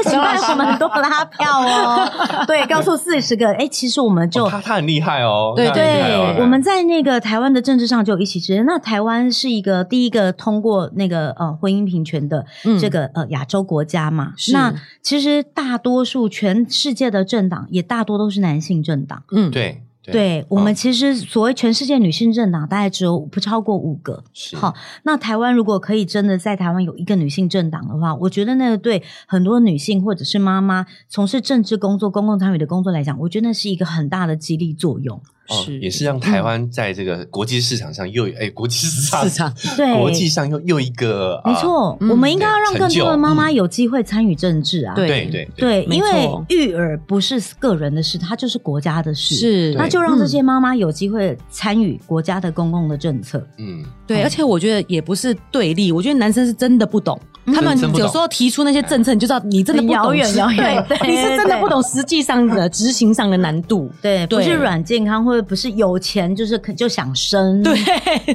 請告什麼？都多拉票哦。 對，告訴四十個。哎、欸，其實我們就、哦、他他很厲害哦。對對，對、哦，我們在那個台灣的政治上就有一起支持。那台灣是一個第一個通過那個呃婚姻平權的這個、嗯、呃亞洲國家嘛是。那其實大多數全世界的政黨。也大多都是男性政黨，嗯，對，對，對，我們其實所謂全世界女性政黨大概只有不超過五個，好，那台灣如果可以真的在台灣有一個女性政黨的話，我覺得那個對很多女性或者是媽媽從事政治工作、公共參與的工作來講，我覺得那是一個很大的激勵作用。是、哦，也是讓台灣在這個國際市場上又哎、嗯欸，國際市場市場對國際上又又一個沒錯、啊嗯，我們應該要讓更多的媽媽有機會參與政治啊，對對對，對，因為育兒不是個人的事，它就是國家的事，是，那就讓這些媽媽有機會參與國家的公共的政策，嗯，對，而且我覺得也不是對立，我覺得男生是真的不懂，嗯、他們有時候提出那些政策，你就知道你真的不懂，遙遠遙遠，對，你是真的不懂實際上的執行上的難度，對，對對不是軟健康或。不是有錢就是可就想生，對對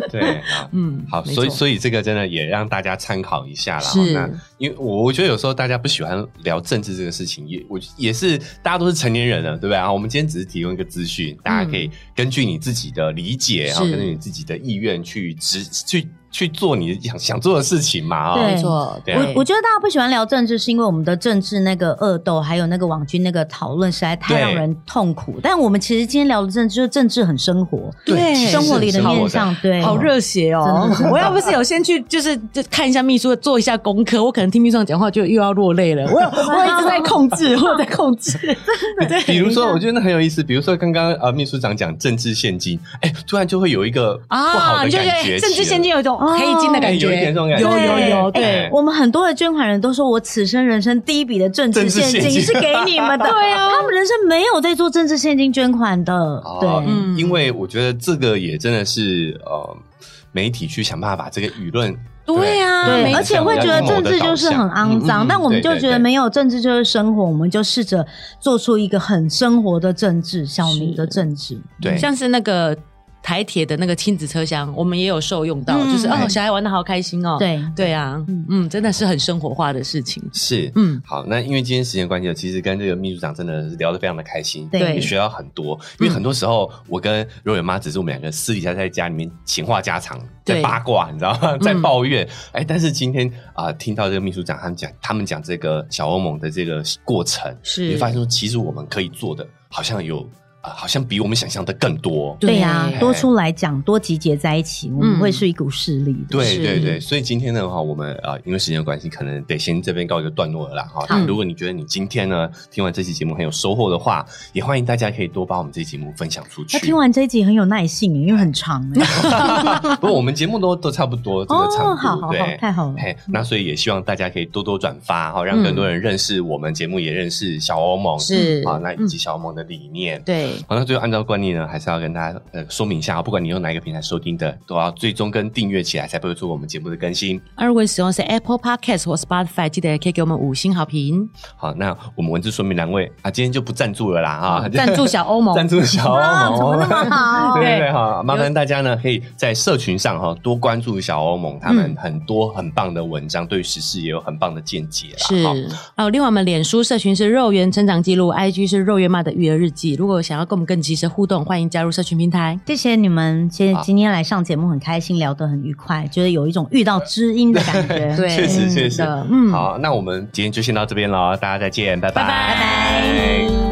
對，嗯，好，所以所以這個真的也讓大家參考一下了，好，那因為我我覺得有時候大家不喜歡聊政治這個事情，也我也是，大家都是成年人了，對不對啊？我們今天只是提供一個資訊，嗯，大家可以根據你自己的理解，然後根據你自己的意願去直去。去做你想想做的事情嘛、喔對對，對，我我覺得大家不喜歡聊政治，是因為我們的政治那個惡鬥，還有那個網軍那個討論實在太讓人痛苦。但我們其實今天聊的政治就是政治很生活，對，對生活裡的面相，對，好熱血哦、喔！我要不是有先去就是就看一下秘書做一下功課，我可能聽秘書長講話就又要落淚了。我 我一直在控制，我在控制。 比如說，我覺得很有意思。比如說，剛剛呃，秘書長講政治獻金，哎、欸，突然就會有一個不好的啊，就感覺政治獻金有一種。黑金的感覺，哦欸、有，一點這種感覺有有有，對，對、欸、我們很多的捐款人都說：“我此生人生第一筆的政治獻金是給你們的。” 對呀、啊，他們人生沒有在做政治獻金捐款的。對，哦嗯、因為我覺得這個也真的是呃，媒體去想辦法把這個輿論。對呀、啊，對，對，而且會覺得政治就是很骯髒、嗯嗯，但我們就覺得沒有政治就是生活，嗯嗯、我們就試着做出一個很生活的政治，小民的政治，對，像是那個。台鐵的那個親子車廂，我們也有受用到，嗯、就是哦，小孩玩得好開心哦。對對啊對，嗯，真的是很生活化的事情。是，嗯，好，那因為今天時間關係，其實跟這個秘書長真的是聊得非常的開心，對，也學到很多。因為很多時候、嗯、我跟若雨媽只是我們兩個私底下在家裡面閒話家常，在八卦，你知道嗎？在抱怨。哎、嗯欸，但是今天啊、呃，聽到這個秘書長他們講，他們講這個小歐盟的這個過程，是，你發現說其實我們可以做的好像有。呃、好像比我們想象的更多。對呀、啊，多出來講，多集結在一起，嗯、我們會是一股勢力。對對對，所以今天的話，我們啊，因為時間關係，可能得先這邊告一個段落了哈。如果你覺得你今天呢聽完這期節目很有收穫的話，也歡迎大家可以多把我們這期節目分享出去。聽完這一集很有耐性，因為很長。 不過，我們節目都都差不多，這個差不多、oh, 好好好，太好了。那所以也希望大家可以多多轉發哈、嗯，讓更多人認識我們節目，也認識小歐盟是啊、哦，那以及小歐盟的理念對。好，那最後按照慣例呢，還是要跟大家呃說明一下，不管你用哪一個平台收聽的，都要追蹤跟訂閱起來，才不會錯過我們節目的更新。而如果使用的是 Apple Podcast 或 Spotify，記得可以給我們五星好評。好，那我們文字說明兩位啊，今天就不贊助了啦、嗯、呵呵助助啊！贊助小歐盟，贊助小歐盟，對對好，麻煩大家呢可以在社群上哈多關注小歐盟他們很多很棒的文章，對於時事也有很棒的見解。是好，另外我們臉書社群是肉圓成長記錄，IG 是肉圓媽的育兒日記。如果想要跟我們更及時互動，歡迎加入社群平台。謝謝你們，謝謝，今天來上節目很開心，聊得很愉快，覺得有一種遇到知音的感覺。對，確 實、嗯、確實，嗯，好嗯，那我們今天就先到這邊了，大家再見，拜拜，拜拜。拜拜。